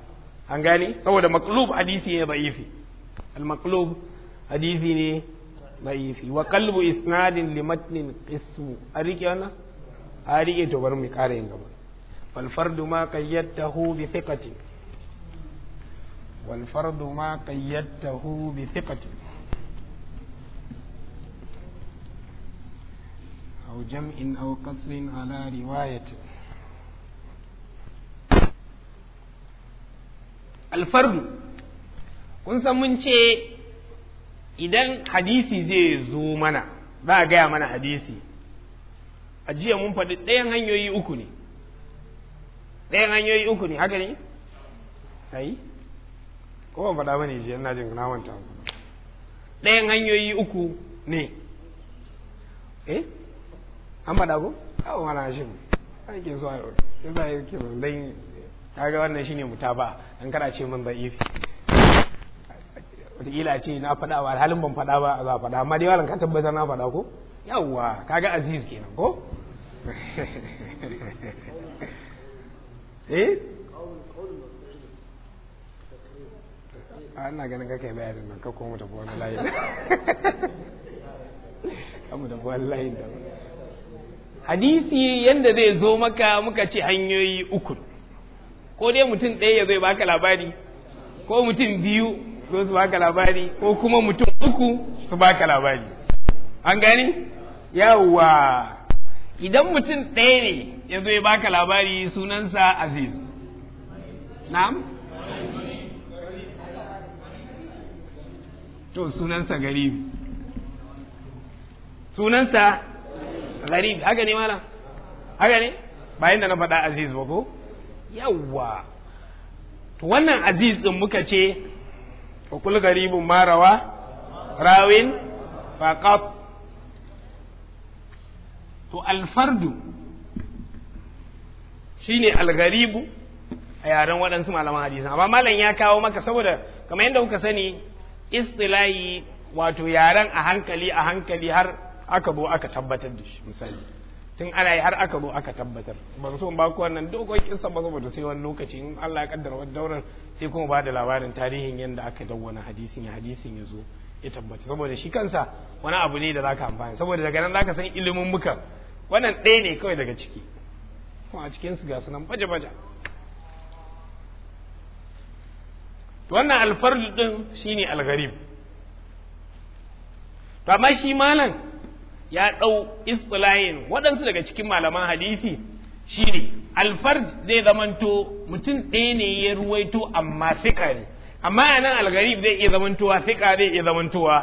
an gane saboda maqlub hadisi ne da'ifi al-maqlub hadisi ne da'ifi wa qalbu isnadin li ismu a rike wannan a rike to bar mu ƙara yin gaba fal fardu ma qayyadahu bi thiqatin والفرض ما قيدته بثقة أو جمع أو قصر على رواية الفرد kun san mun ce idan hadisi zai zo mana za a gaya mana hadisi a jiya mun faɗi ɗayan hanyoyi uku ne ɗayan hanyoyi uku ne haka ne? ko ban faɗa mani jiya ina jin na manta ɗayan hanyoyi uku ne eh an faɗa ko awo mana shi ake zuwa yau ke yake ban ta ga wannan ta mutaba an kada ce min ba ifi wataƙila ce na faɗa ba halin ban faɗa ba za faɗa amma dai walan ka tabbatar na faɗa ko yawwa kaga aziz kenan ko eh a ah, ina ganin kake yi bayanin nan kakko mu tafi wani layin kamu tafi wani layin da hadisi yanda zai zo maka muka ce hanyoyi uku ko dai mutum ɗaya ya zo baka labari ko mutum biyu zo su baka labari ko kuma mutum uku su baka labari an gani yawwa idan mutum ɗaya ne ya zo ya baka labari sunansa aziz na'am to sunansa garib sunansa garib haka ne malam haka ne bayan da na faɗa aziz ba ko yawwa to wannan aziz din muka ce wa kul garibun marawa rawin faqat to alfardu shine algaribu a yaren waɗansu malaman hadisi amma malam ya kawo maka saboda kamar yadda kuka sani istilahi wato yaren a hankali a hankali har aka bo aka tabbatar da shi misali tun ana yi har aka bo aka tabbatar ban so ba ku wannan dogon kissa ba saboda sai wani lokaci in Allah ya kaddara wani daurar sai kuma ba da labarin tarihin yadda aka dawwana hadisin ya hadisin ya zo ya tabbata saboda shi kansa wani abu ne da zaka amfani saboda daga nan zaka san ilimin muka wannan ɗaya ne kawai daga ciki kuma a cikin su ga su nan baje-baje to wannan alfardu din shine algharib to amma shi malam ya ɗau istilahin waɗansu daga cikin malaman hadisi shine alfard zai zamanto mutum ɗaya ne ya ruwaito amma fika ne amma a nan algarib zai iya zamantowa fika zai iya zamantowa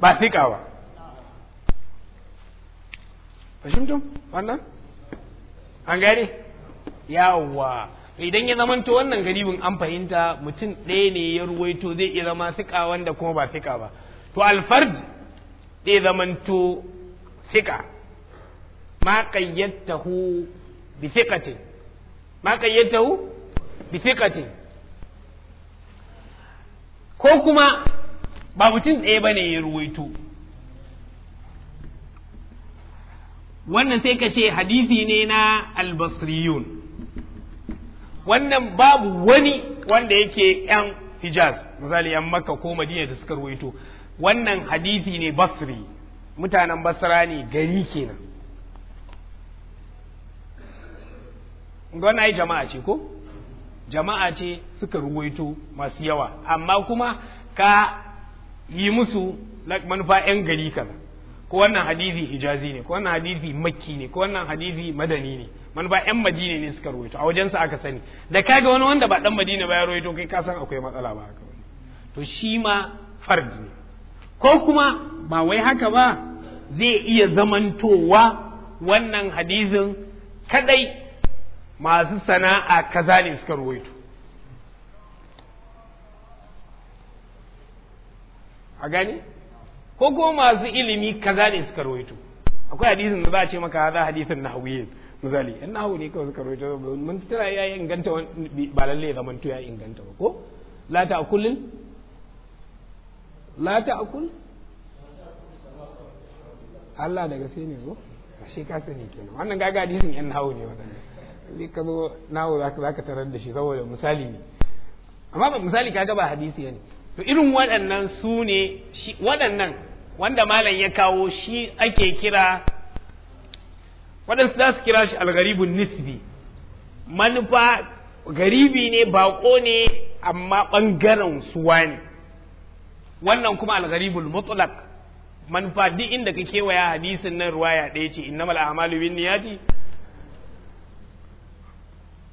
ba fika ba fahimtum wannan an gane yawwa idan ya zamanta wannan garibin an fahimta mutum ɗaya ne ya ruwaito zai iya zama fika wanda kuma ba fika ba to alfard zai zamanto fika ma hu bi ce. ma hu bi ce. ko kuma ba mutum ɗaya ba ne ya ruwaito wannan sai ka ce hadisi ne na albasriyun wannan babu wani wanda yake yan hijaz misali yan makka ko madina da suka ruwaito wannan hadithi ne basri mutanen basra ne gari kenan gwana jama'a ce ko jama'a ce suka ruwaito masu yawa amma kuma ka yi musu manufa 'yan gari kaza ko wannan hadithi hijazi ne ko wannan hadithi makki ne ko wannan hadithi madani ne man ba yan madina ne suka ruwaito a wajensa aka sani da kaga wani wanda ba ɗan madina ba ya ruwaito kai ka san akwai matsala ba haka to shi ma farji ne ko kuma ba wai haka ba zai iya zamantowa wannan hadizin kadai masu sana'a kaza ne suka ruwaito a gani ko kuma masu ilimi kaza ne suka ruwaito akwai hadisin da za a ce maka za hadisin na hawiyin misali in nahu ne kawai suka rawaito mun tura ya inganta ba lalle ya zamanto ya inganta ba ko la ta'kulin la ta'kul Allah daga sai ne zo ashe ka sani kenan wannan gaga hadisin yan nahu ne wadannan sai ka zo nahu zaka zaka tarar da shi saboda misali ne amma ba misali kaga ba hadisi ne to irin waɗannan su ne waɗannan wanda malam ya kawo shi ake kira waɗansu za su kira shi algaribin nisbi manufa garibi ne baƙo ne amma ɓangaren suwa ne wannan kuma algaribul mutulak manufa duk inda ka kewaya hadisin nan ruwaya ɗaya ce innamal a'malu bin niyati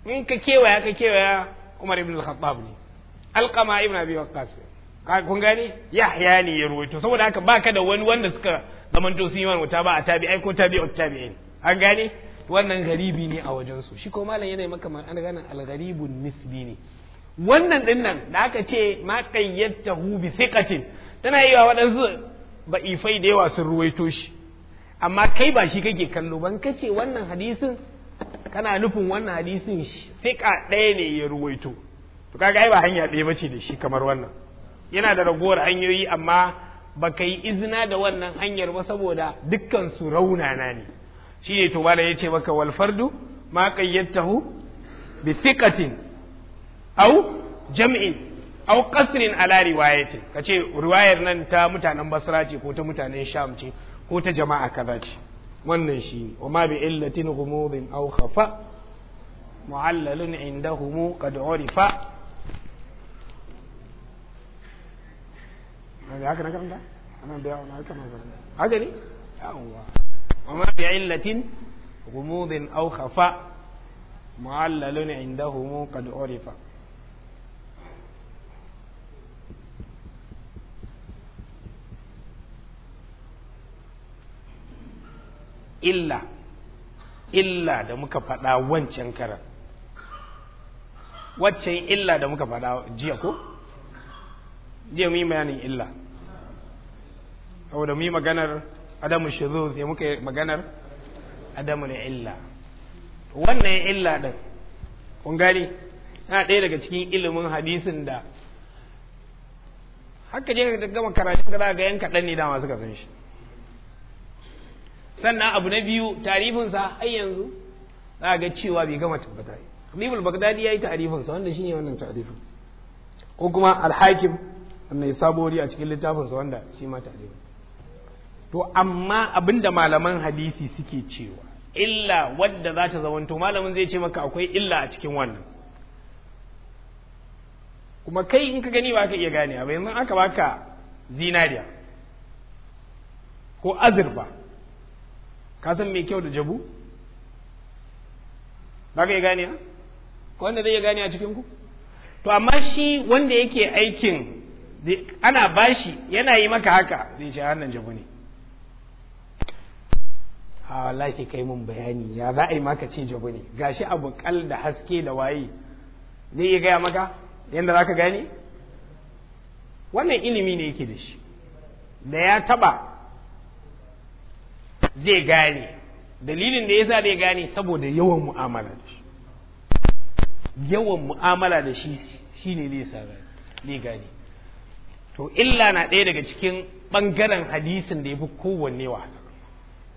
in ka kewaya ka kewaya Umar ibn al-Khattab ne Alqama ibn Abi Waqqas ka kun gane Yahya ne ya ruwaito saboda haka baka da wani wanda suka zamanto sun yi wani wuta ba a tabi'ai ko tabi'ut tabi'in an gane wannan garibi ne a wajensu shi ko malam yana maka man an gane algaribun nisbi ne wannan din nan da aka ce ma yadda bi thiqatin tana yi wa waɗansu ba'ifai da yawa sun ruwaito shi amma kai ba shi kake kallo ban kace wannan hadisin kana nufin wannan hadisin sika ɗaya ne ya ruwaito to kaga ai ba hanya ɗaya bace da shi kamar wannan yana da ragowar hanyoyi amma baka yi izina da wannan hanyar ba saboda dukkan su raunana ne shi ne to ya yace maka walfardu fardu ma qayyadtahu bi thiqatin aw jam'in aw qasrin ala riwayatin kace riwayar nan ta mutanen basra ce ko ta mutanen sham ce ko ta jama'a kaza ce wannan shi wa ma bi illatin ghumudin aw khafa mu'allalun indahum qad urifa haka na karanta anan da yawon haka na karanta haka ne yawon wa ma bi illatin gumudin aw khafa mu'allalun indahum qad urifa illa illa da muka faɗa wancan karan waccan illa da muka faɗa jiya ko jiya mu yi bayanin illa saboda mu yi maganar adamu shuzuz ya muke maganar adamu ne illa wannan illa din kun gani na ɗaya daga cikin ilimin hadisin da haka je ka gama karatun ka za ga yan kaɗan ne dama suka san shi sannan abu na biyu tarifinsa har yanzu za ga cewa bai gama tabbata Habibul Baghdadi ya yi tarifinsa wanda shine wannan tarifin ko kuma Al-Hakim annai sabori a cikin littafinsa wanda shi ma tarifin to amma abinda malaman hadisi suke cewa illa wadda za ta zawanto malamin zai ce maka akwai illa a cikin wannan kuma kai in ka gani ba ka iya gane ba yanzu aka baka zinariya ko azurfa ka san mai kyau da jabu Ba ka iya gane ko wanda zai iya gane a cikin ku to amma shi wanda yake aikin ana bashi yana yi maka haka zai ce hannun jabu ne a wallahi kai mun bayani ya za a yi maka ce jabu ne gashi abu kal da haske da waye zai iya gaya maka yadda za ka gane wannan ilimi ne yake da shi da ya taba zai gane dalilin da ya sa zai gane saboda yawan mu'amala da shi yawan mu'amala da shi shi ne zai sa zai gane to illa na ɗaya daga cikin ɓangaren hadisin da ya fi kowanne wahala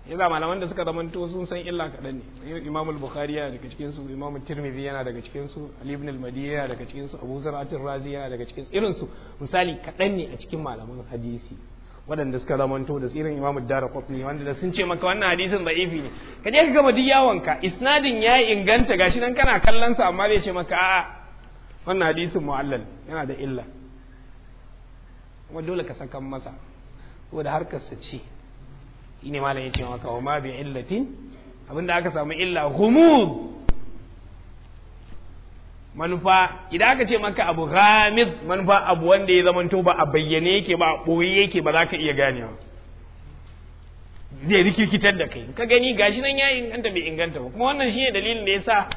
yanzu eh, malaman da suka zamanto sun san illa kaɗan ne eh, imam al-bukhari yana daga cikin su imam tirmidhi yana daga cikin su ali ibn al-madi yana daga cikin su abu zar'atul razi yana daga cikin su irin su misali kaɗan ne a cikin malaman hadisi waɗanda suka zamanto da irin imam ad-darqutni wanda da sun ce maka wannan hadisin da'ifi ne ka je ka gama duk yawonka isnadin ya inganta gashi nan kana kallon sa amma zai ce maka a'a wannan hadisin mu'allal yana da illa kuma dole ka sakan masa saboda harkar sa ce ne malam yace maka wa ma bi illatin abinda aka samu illa humud manufa idan aka ce maka abu ghamid manufa abu wanda ya zamanto ba a bayyane yake ba a boye yake ba za ka iya ganewa zai rikirkitar da kai ka gani gashi nan ya inganta bai inganta ba kuma wannan shine dalilin da yasa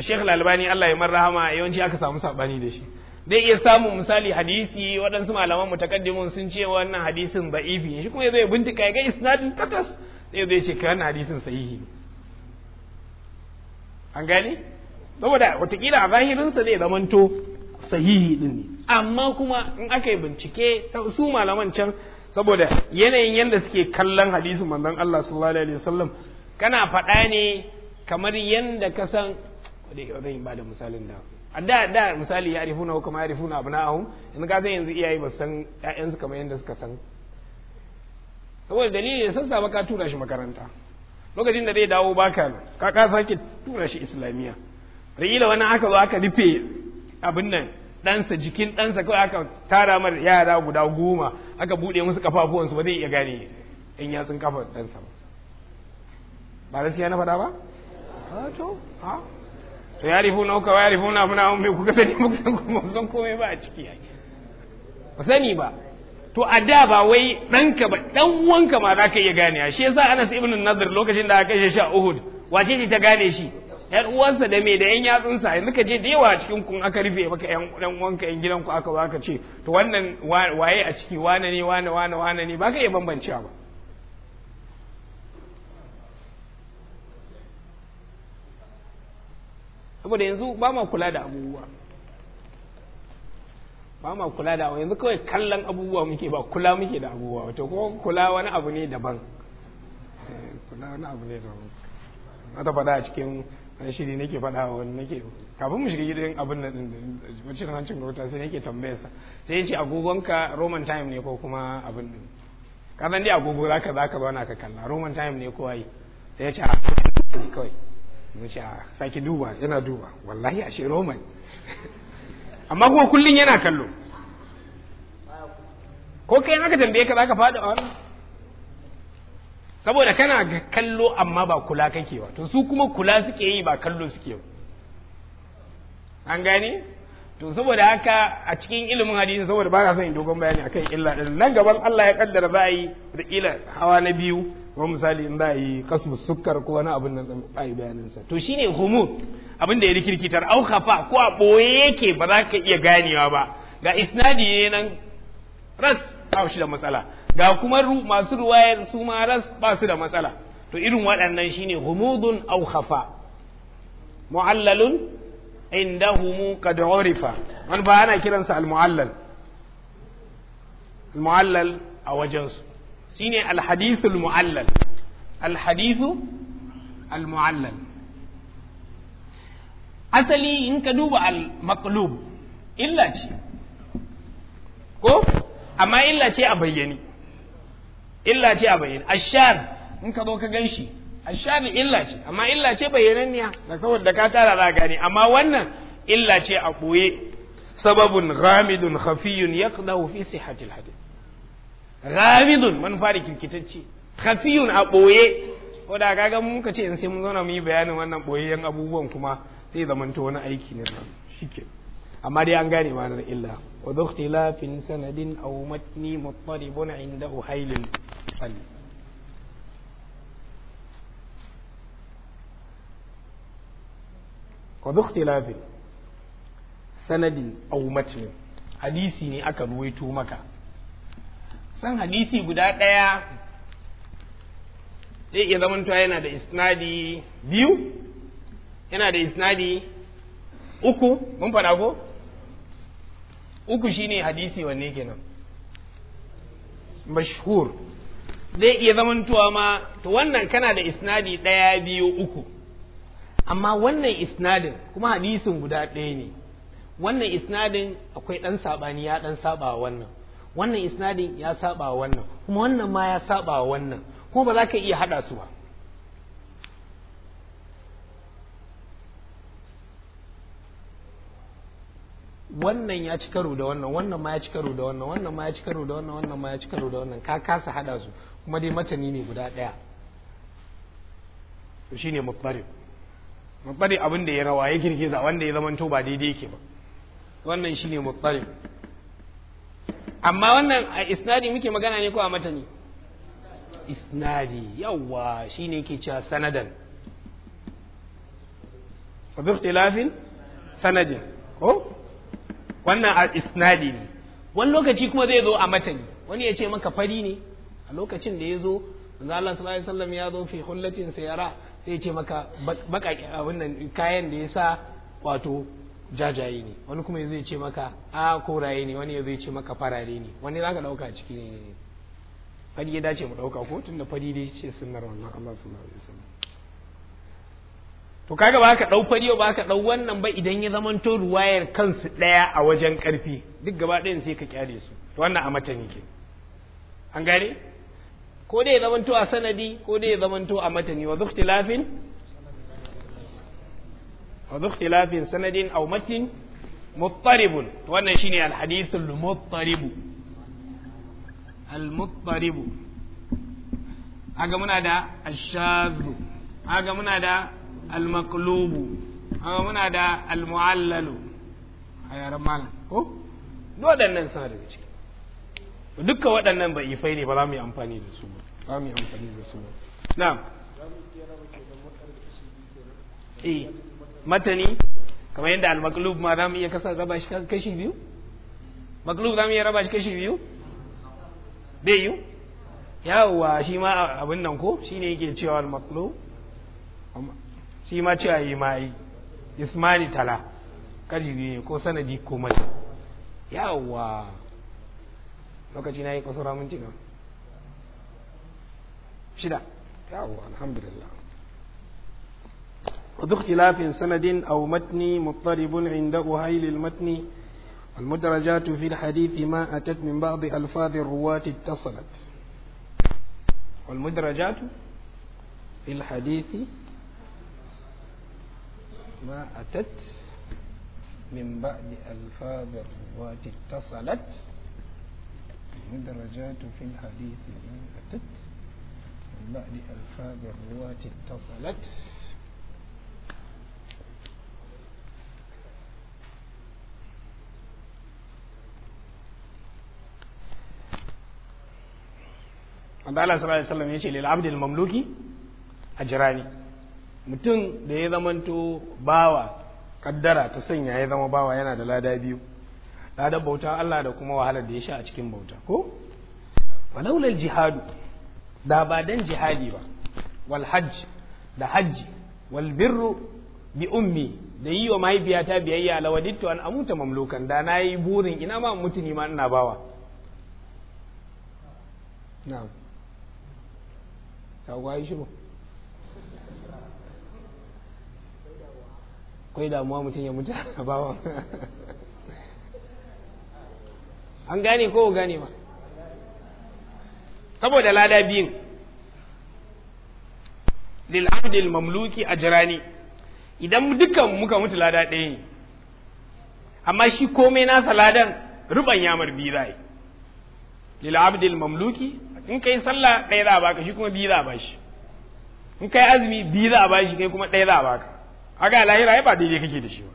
Sheikh Lalbani Allah ya marhama yawanci aka samu sabani da shi zai iya samun misali hadisi waɗansu malaman mutakaddimin sun ce wannan hadisin da'ifi shi kuma zai bintika ya ga isnadin takas zai zai ce kana hadisin sahihi an gane saboda watakila a sa zai zamanto sahihi din ne amma kuma in aka yi bincike su malaman can saboda yanayin yadda suke kallon hadisin manzon Allah sallallahu alaihi wasallam kana faɗa ne kamar yadda ka san ba da misalin da da da misali ya na kuma ya na abu ahu, in ka zai yanzu iyaye ba san ƴaƴansu kamar yadda suka san saboda dalilin sun sassa ka tura shi makaranta lokacin da zai dawo baka ka ka sake tura shi islamiyya rigila wani aka zo aka rufe abin nan ɗansa jikin ɗansa kawai aka tara mar yara guda goma aka buɗe musu kafafuwansu ba zai iya gane in yatsun kafa ɗansa ba ba gaskiya na faɗa ba? Ah, to ah. to ya rifu na uka ya rifu na muna mai kuka sani muku komai ba a ciki yaki ba sani ba to a da ba wai ɗanka ba ɗan wanka ma za ka iya gane shi yasa anas ibn nazar lokacin da aka kashe shi a uhud wace ce ta gane shi yan uwansa da me da yan yatsunsa yanzu ka je da yawa a cikin kun aka rufe maka yan dan wanka yan gidanku aka ba ka ce to wannan waye a ciki wane ne wane wane wane ne ba ka iya bambancewa ba saboda yanzu ba ma kula da abubuwa ba ma kula da yanzu kawai kallon abubuwa muke ba kula muke da abubuwa wato ko kula wani abu ne daban eh, kula wani abu ne daban na ta fada a cikin shiri nake faɗa wani nake kafin mu shiga gidan abin ɗin din wacce na cin gauta sai nake tambayar sa sai ya ce agogonka roman time ne ko kuma abin din ka san dai agogo zaka zaka zauna ka kalla roman time ne ko ai sai ya ce kawai mun ce a sake duba yana duba wallahi shi roman amma kuma kullum yana kallo ko kai haka tambaye ka zaka faɗi a saboda kana ga kallo amma ba kula kake ba to su kuma kula suke yi ba kallo suke ba an gani? to saboda haka a cikin ilimin hadisi saboda ba na son in dogon bayani akan illa din nan gaban Allah ya kaddara za a yi da hawa na biyu ko misali in za a yi kasu sukkar ko wani abin nan a yi bayaninsa to shine humud abin da ya rikirkitar au khafa ko a boye yake ba za ka iya ganewa ba ga isnadi ne nan ras ba shi da matsala ga kuma masu ruwayar su ma ras ba su da matsala to irin waɗannan shine humudun au khafa mu'allalun ka qad urifa wani ba ana kiransa al al-mu'allal a wajensu shine alhadithul mu'allal alhadithu almu'allal asali in ka duba al-maqlub illa ce ko amma illa ce a bayyane illa ce a bayyane ashar in ka zo ka gan shi ashar illa ce amma illa ce bayyananniya da saboda ka tara za gane amma wannan illa ce a ɓoye sababun ghamidun khafiyun yaqdahu fi sihhatil hadith ghamidun manufa da kirkitacce khafiyun a boye ko da kaga mun ka ce in sai mun zauna mu yi bayanin wannan boyayyen abubuwan kuma zai zamanto wani aiki ne shike amma dai an gane ma nan illa wa bi fin sanadin aw matni muttaribun inda uhailin fal wa bi ikhtilafin sanadin aw matni hadisi ne aka ruwaito maka san hadisi guda ɗaya zai iya zamantowa yana da isnadi biyu yana da isnadi uku mun faɗa ko uku shine hadisi wanne kenan mashhur zai iya zamantowa ma to wannan kana da isnadi ɗaya biyu uku amma wannan isnadin kuma hadisin guda ɗaya ne wannan isnadin akwai ɗan saɓani ya ɗan saɓa wannan wannan isnadin ya saba wa wannan kuma wannan ma ya saba wa wannan kuma ba za ka iya haɗa su ba wannan ya ci karo da wannan wannan ma ya ci karo da wannan wannan ma ya ci karo da wannan wannan ma ya ci karo da wannan ka kasa hada su kuma dai matani ne guda daya to shine mukbari mukbari abin da ya rawa ya girgiza wanda ya to ba daidai yake ba wannan shine mukbari amma wannan a isnadi muke magana ne ko a matani isnadi yawa ne ke cewa sanadan fabi bi ikhtilafin sanadin ko wannan a isnadi ne wani lokaci kuma zai zo a matani wani ya ce maka fari ne a lokacin da ya zo manzo Allah sallallahu alaihi wasallam ya zo fi hullatin sayara sai ya ce maka baka abin nan kayan da ya sa wato jajaye ne wani kuma zai ce maka a koraye ne wani zai ce maka farare ne wani za ka ɗauka ciki ne eh, fari ya dace mu ɗauka ko tun da fadi dai ce sunnar wannan Allah sallallahu alaihi wasallam to kaga ba ka ɗau fadi ba ka ɗau wannan ba idan ya to ruwayar kansu ɗaya a wajen ƙarfi duk gaba ɗayan sai ka kyale su to wannan a matan ne ke an gane ko dai ya to a sanadi ko dai ya to a matani wa zuktilafin wa khilafin sanadin aw matin muttaribun wannan shine al hadithul muttaribu al muna da ashadhu aga muna da al maqlubu muna da al muallalu ayaran malam ko waɗannan suna daga ciki dukkan waɗannan ba ifai ne ba za mu yi amfani da ba mu yi amfani da na matani kamar yadda al-maqlub ma za mu iya kasa raba shi kashi biyu maqlub za mu iya raba shi kashi biyu bai yi yawa shi ma abin nan ko shi ne yake cewa al-maqlub shi ma cewa yi ma yi ismani tala kashi biyu ne ko sanadi ko mata yawa lokaci na yi kusurwa minti na shida yawa alhamdulillah وباختلاف سند أو متن مضطرب عند أهيل المتن المدرجات في الحديث ما أتت من بعض ألفاظ الرواة اتصلت والمدرجات في الحديث ما أتت من بعد ألفاظ الرواة اتصلت المدرجات في الحديث ما أتت من بعد ألفاظ الرواة اتصلت wanda Allah sallallahu alaihi wasallam ya ce lil abdil mamluki ajrani mutum da ya zamanto bawa kaddara ta sanya ya zama bawa yana da lada biyu lada bauta Allah da kuma wahalar da ya sha a cikin bauta ko walaulal jihadu da ba dan jihadi ba wal da hajji wal bi ummi da yi wa mahaifiyata biyayya lawadittu an amuta mamlukan da na yi burin ina ma mutuni ma ina bawa na'am ta gwaye shiru akwai damuwa mutum ya mutu a bawan an gane ko gane ba saboda lada biyun lil'adil mamluki a jirani idan dukkan muka mutu lada ɗaya ne amma shi komai nasa ladan ruban yamar biyu zai yi lil'abdil mamluki in kai sallah ɗaya za a baka shi kuma biyu za a bashi in kai azumi biyu za a bashi kai kuma ɗaya za a baka haka lahira ya ba daidai kake da shi ba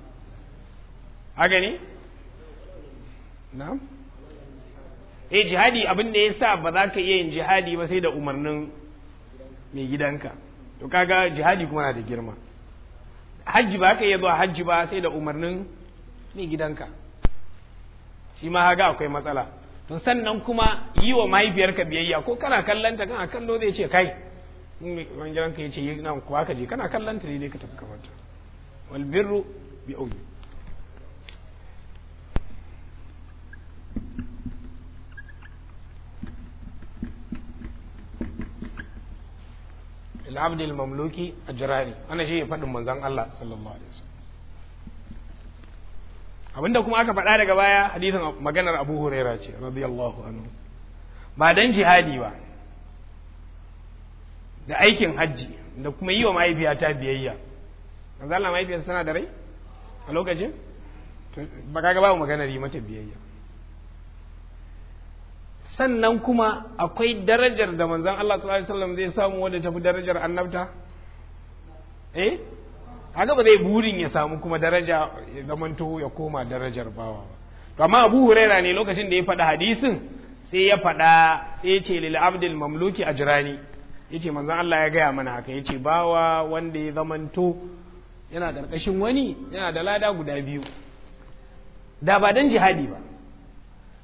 haka ne na'am eh jihadi abin da ya sa ba za ka iya yin jihadi ba sai da umarnin mai gidanka to kaga jihadi kuma na da girma hajji ba ka iya zuwa hajji ba sai da umarnin mai gidanka shi ma haga akwai matsala to sannan kuma yi wa mahaifiyarka biyayya ko kana kallanta kana kallo zai ce kai wani gidanka ya ce yi nan kuwa ka je kana kallanta ne ka tafi kamata wal birru bi ummi al المملوكي الجراري ana شيء فدم من الله صلى الله عليه وسلم abinda kuma aka faɗa daga baya hadisin maganar abu huraira ce radiyallahu anhu ba dan jihadi ba da aikin hajji da kuma yi wa mahaifiyata biyayya kan Allah mahaifiyarsa tana da rai a lokacin ba kaga babu maganar yi mata biyayya sannan kuma akwai darajar da manzon Allah sallallahu alaihi wasallam zai samu wanda tafi darajar annabta eh a gaba zai burin ya samu kuma daraja ya zamanto ya koma darajar bawa ba amma abu huraira ne lokacin da ya faɗa hadisin sai ya faɗa sai ya ce lil abdul mamluki jirani ya ce manzan Allah ya gaya mana haka ya ce bawa wanda ya zamanto yana ƙarƙashin wani yana da lada guda biyu da ba don jihadi ba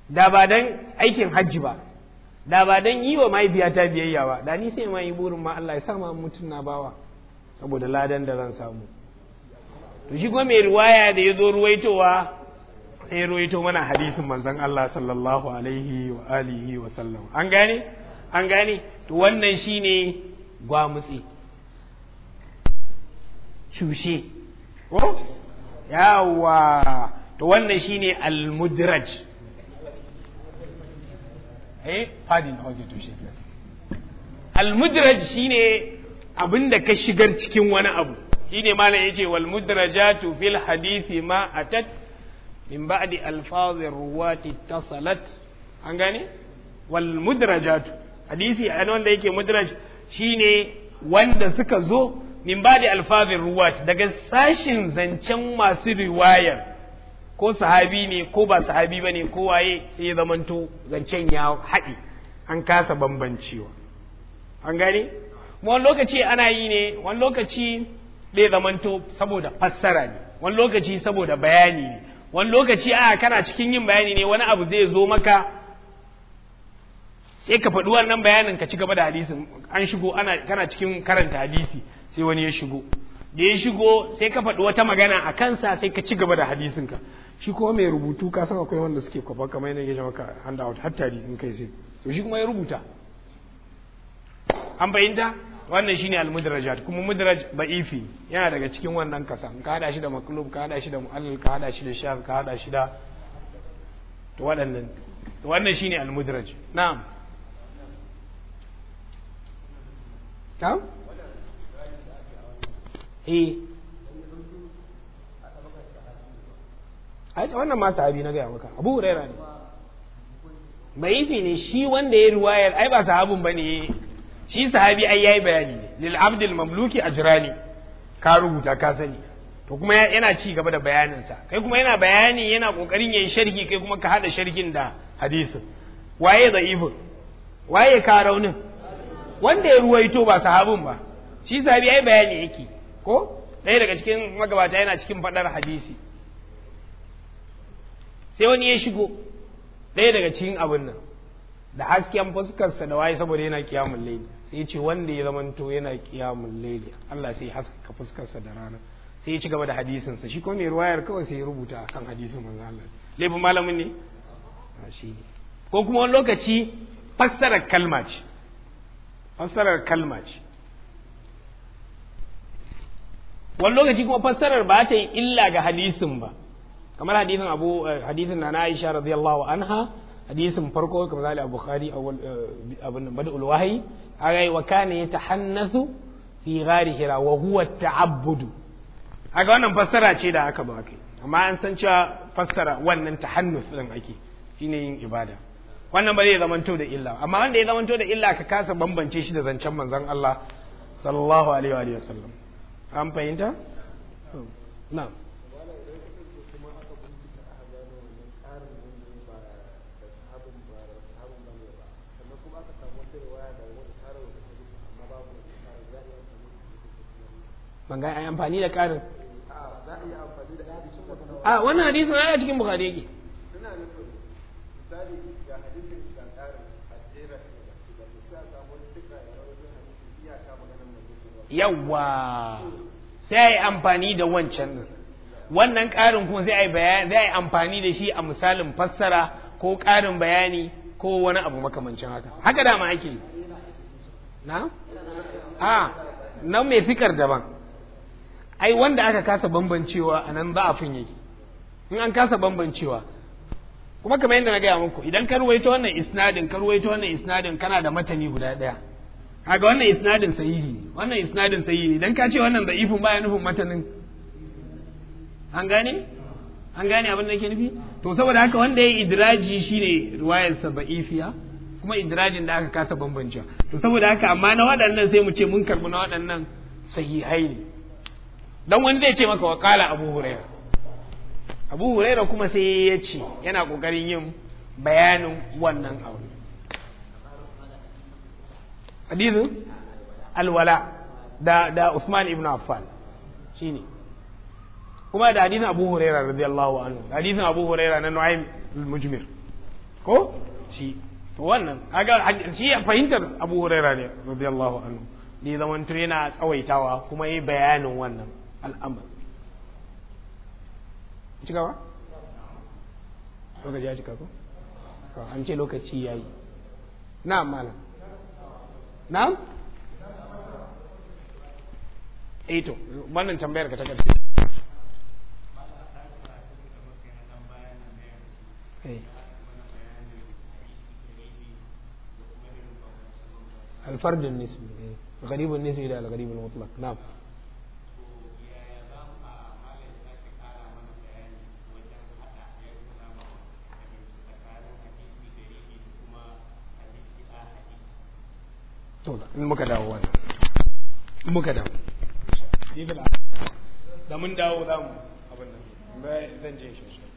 da ba don aikin hajji ba da ba don yi wa mahaifiyata biyayya ba da ni sai ma yi burin ma Allah ya sa ma mutum na bawa saboda ladan da zan samu to shi kuma mai riwaya da ya zo ruwaitowa sai ya ruwaito mana hadisin manzon Allah sallallahu alaihi wa alihi wa sallam an gane an gane to wannan shine gwamutsi cushe ko yawa to wannan shine ne mudraj eh fadin hoje to shi al-mudraj shine abinda ka shigar cikin wani abu shi shine malam ce wal mudrajatu fil hadisi ma atat min ba'di alfazir ruwati tasalat an gane wal mudrajatu hadisi a wanda yake mudraj shine wanda suka zo min ba'di alfazir ruwati daga sashin zancen masu riwayar ko sahabi ne ko ba sahabi bane ko waye sai ya zamanto zancen ya haɗe an kasa bambancewa an gane wani lokaci ana yi ne wani lokaci bai zamanto saboda fassara ne wani lokaci saboda bayani ne wani lokaci a kana cikin yin bayani ne wani abu zai zo maka sai ka faɗi wannan bayanin ka ci gaba da hadisin an shigo kana cikin karanta hadisi sai wani ya shigo da ya shigo sai ka faɗi wata magana a kansa sai ka ci gaba da hadisin ka shi kuma mai rubutu ka san akwai wanda suke kwafa kamar yana ya maka handout hatta in kai sai to shi kuma ya rubuta an bayyanta wannan shine al-mudrajat kuma mudraj ba'ifi yana daga cikin wannan kasa. ka hada shi da maklub ka hada shi da mu'allal ka hada shi da shaf ka hada shi da to waɗannan wannan shine al-mudraj na'am na'am eh wannan ma sahabi na gaya maka abu huraira ne fi ne shi wanda ya ruwayar ai ba sahabin bane shi sahabi ai yayi bayani ne lil abdul mamluki ajrani ka rubuta ka sani to kuma yana ci gaba da bayanin sa, kai kuma yana bayani yana kokarin yin sharhi kai kuma ka hada sharhin da hadisin waye da'ifin waye ka raunin wanda ya ruwaito ba sahabin ba shi sahabi ai bayani yake ko ɗaya daga cikin magabata yana cikin faɗar hadisi sai wani ya shigo ɗaya daga cikin abin nan da hasken fuskarsa da waye saboda yana kiyamun laili sai ce wanda ya zamanto yana kiyamun laili Allah sai haskaka fuskarsa da rana sai ya ci gaba da hadisinsa shi ko mai ruwayar kawai sai ya rubuta kan hadisin manzo Allah laifin malamin ne ah, shi ne ko kuma wani lokaci fassarar kalma ce fassarar kalma ce wani lokaci kuma fassarar ba ta yi illa ga hadisin ba kamar hadisin abu eh, hadisin na Aisha radiyallahu anha hadisin farko kamar zali a bukhari eh, abin badul wahayi agai wa kana yatahannathu fi ghari hira wa huwa ta'abbudu haka wannan fassara ce da aka ba kai amma an san cewa fassara wannan tahannuf din ake shine yin ibada wannan ba zai zamanto da illa amma wanda ya zamanto da illa ka kasa bambance shi da zancen manzon Allah sallallahu alaihi wa sallam an fahimta na'am ban ga amfani da karin a wannan hadisin ai cikin bukhari yake Yawwa sai ai amfani da wancan nan, wannan ƙarin kuma zai yi amfani da shi a misalin fassara ko ƙarin bayani ko wani abu makamancin haka haka dama ake na a nan mai fikar daban ai wanda aka kasa bambancewa a nan da'afin yake in an kasa bambancewa kuma kamar yadda na gaya muku idan ka ruwaito wannan isnadin ka ruwaito wannan isnadin kana da matani guda ɗaya kaga wannan isnadin sahihi wannan isnadin sahihi ne idan ka ce wannan ifin baya nufin matanin an gane an gane abin da ke nufi to saboda haka wanda ya idraji shine riwayarsa ba'ifiya kuma idrajin da aka kasa bambancewa to saboda haka amma na waɗannan sai mu ce mun karɓi na waɗannan sahihai ne dan wani zai ce maka wakala abu huraira abu huraira kuma sai ya ce yana kokarin yin bayanin wannan aure hadithin alwala da da Uthman ibn Affan shine kuma da hadithin Abu Huraira radiyallahu anhu hadithin Abu Huraira na Nu'aym al-Mujmir ko shi to wannan kaga shi fahimtar Abu Huraira ne radiyallahu anhu ne zaman yana tsawaitawa kuma yi bayanin wannan al'amr cikawa lokaci ya cika ko an ce lokaci ya yi na'am malam na'am eto eh wannan tambayar ka ta ƙarshe الفرد النسبي غريب النسبي الى الغريب المطلق نعم to in muka dawo wani in muka dawo da mun dawo za mu abin nan zan je shi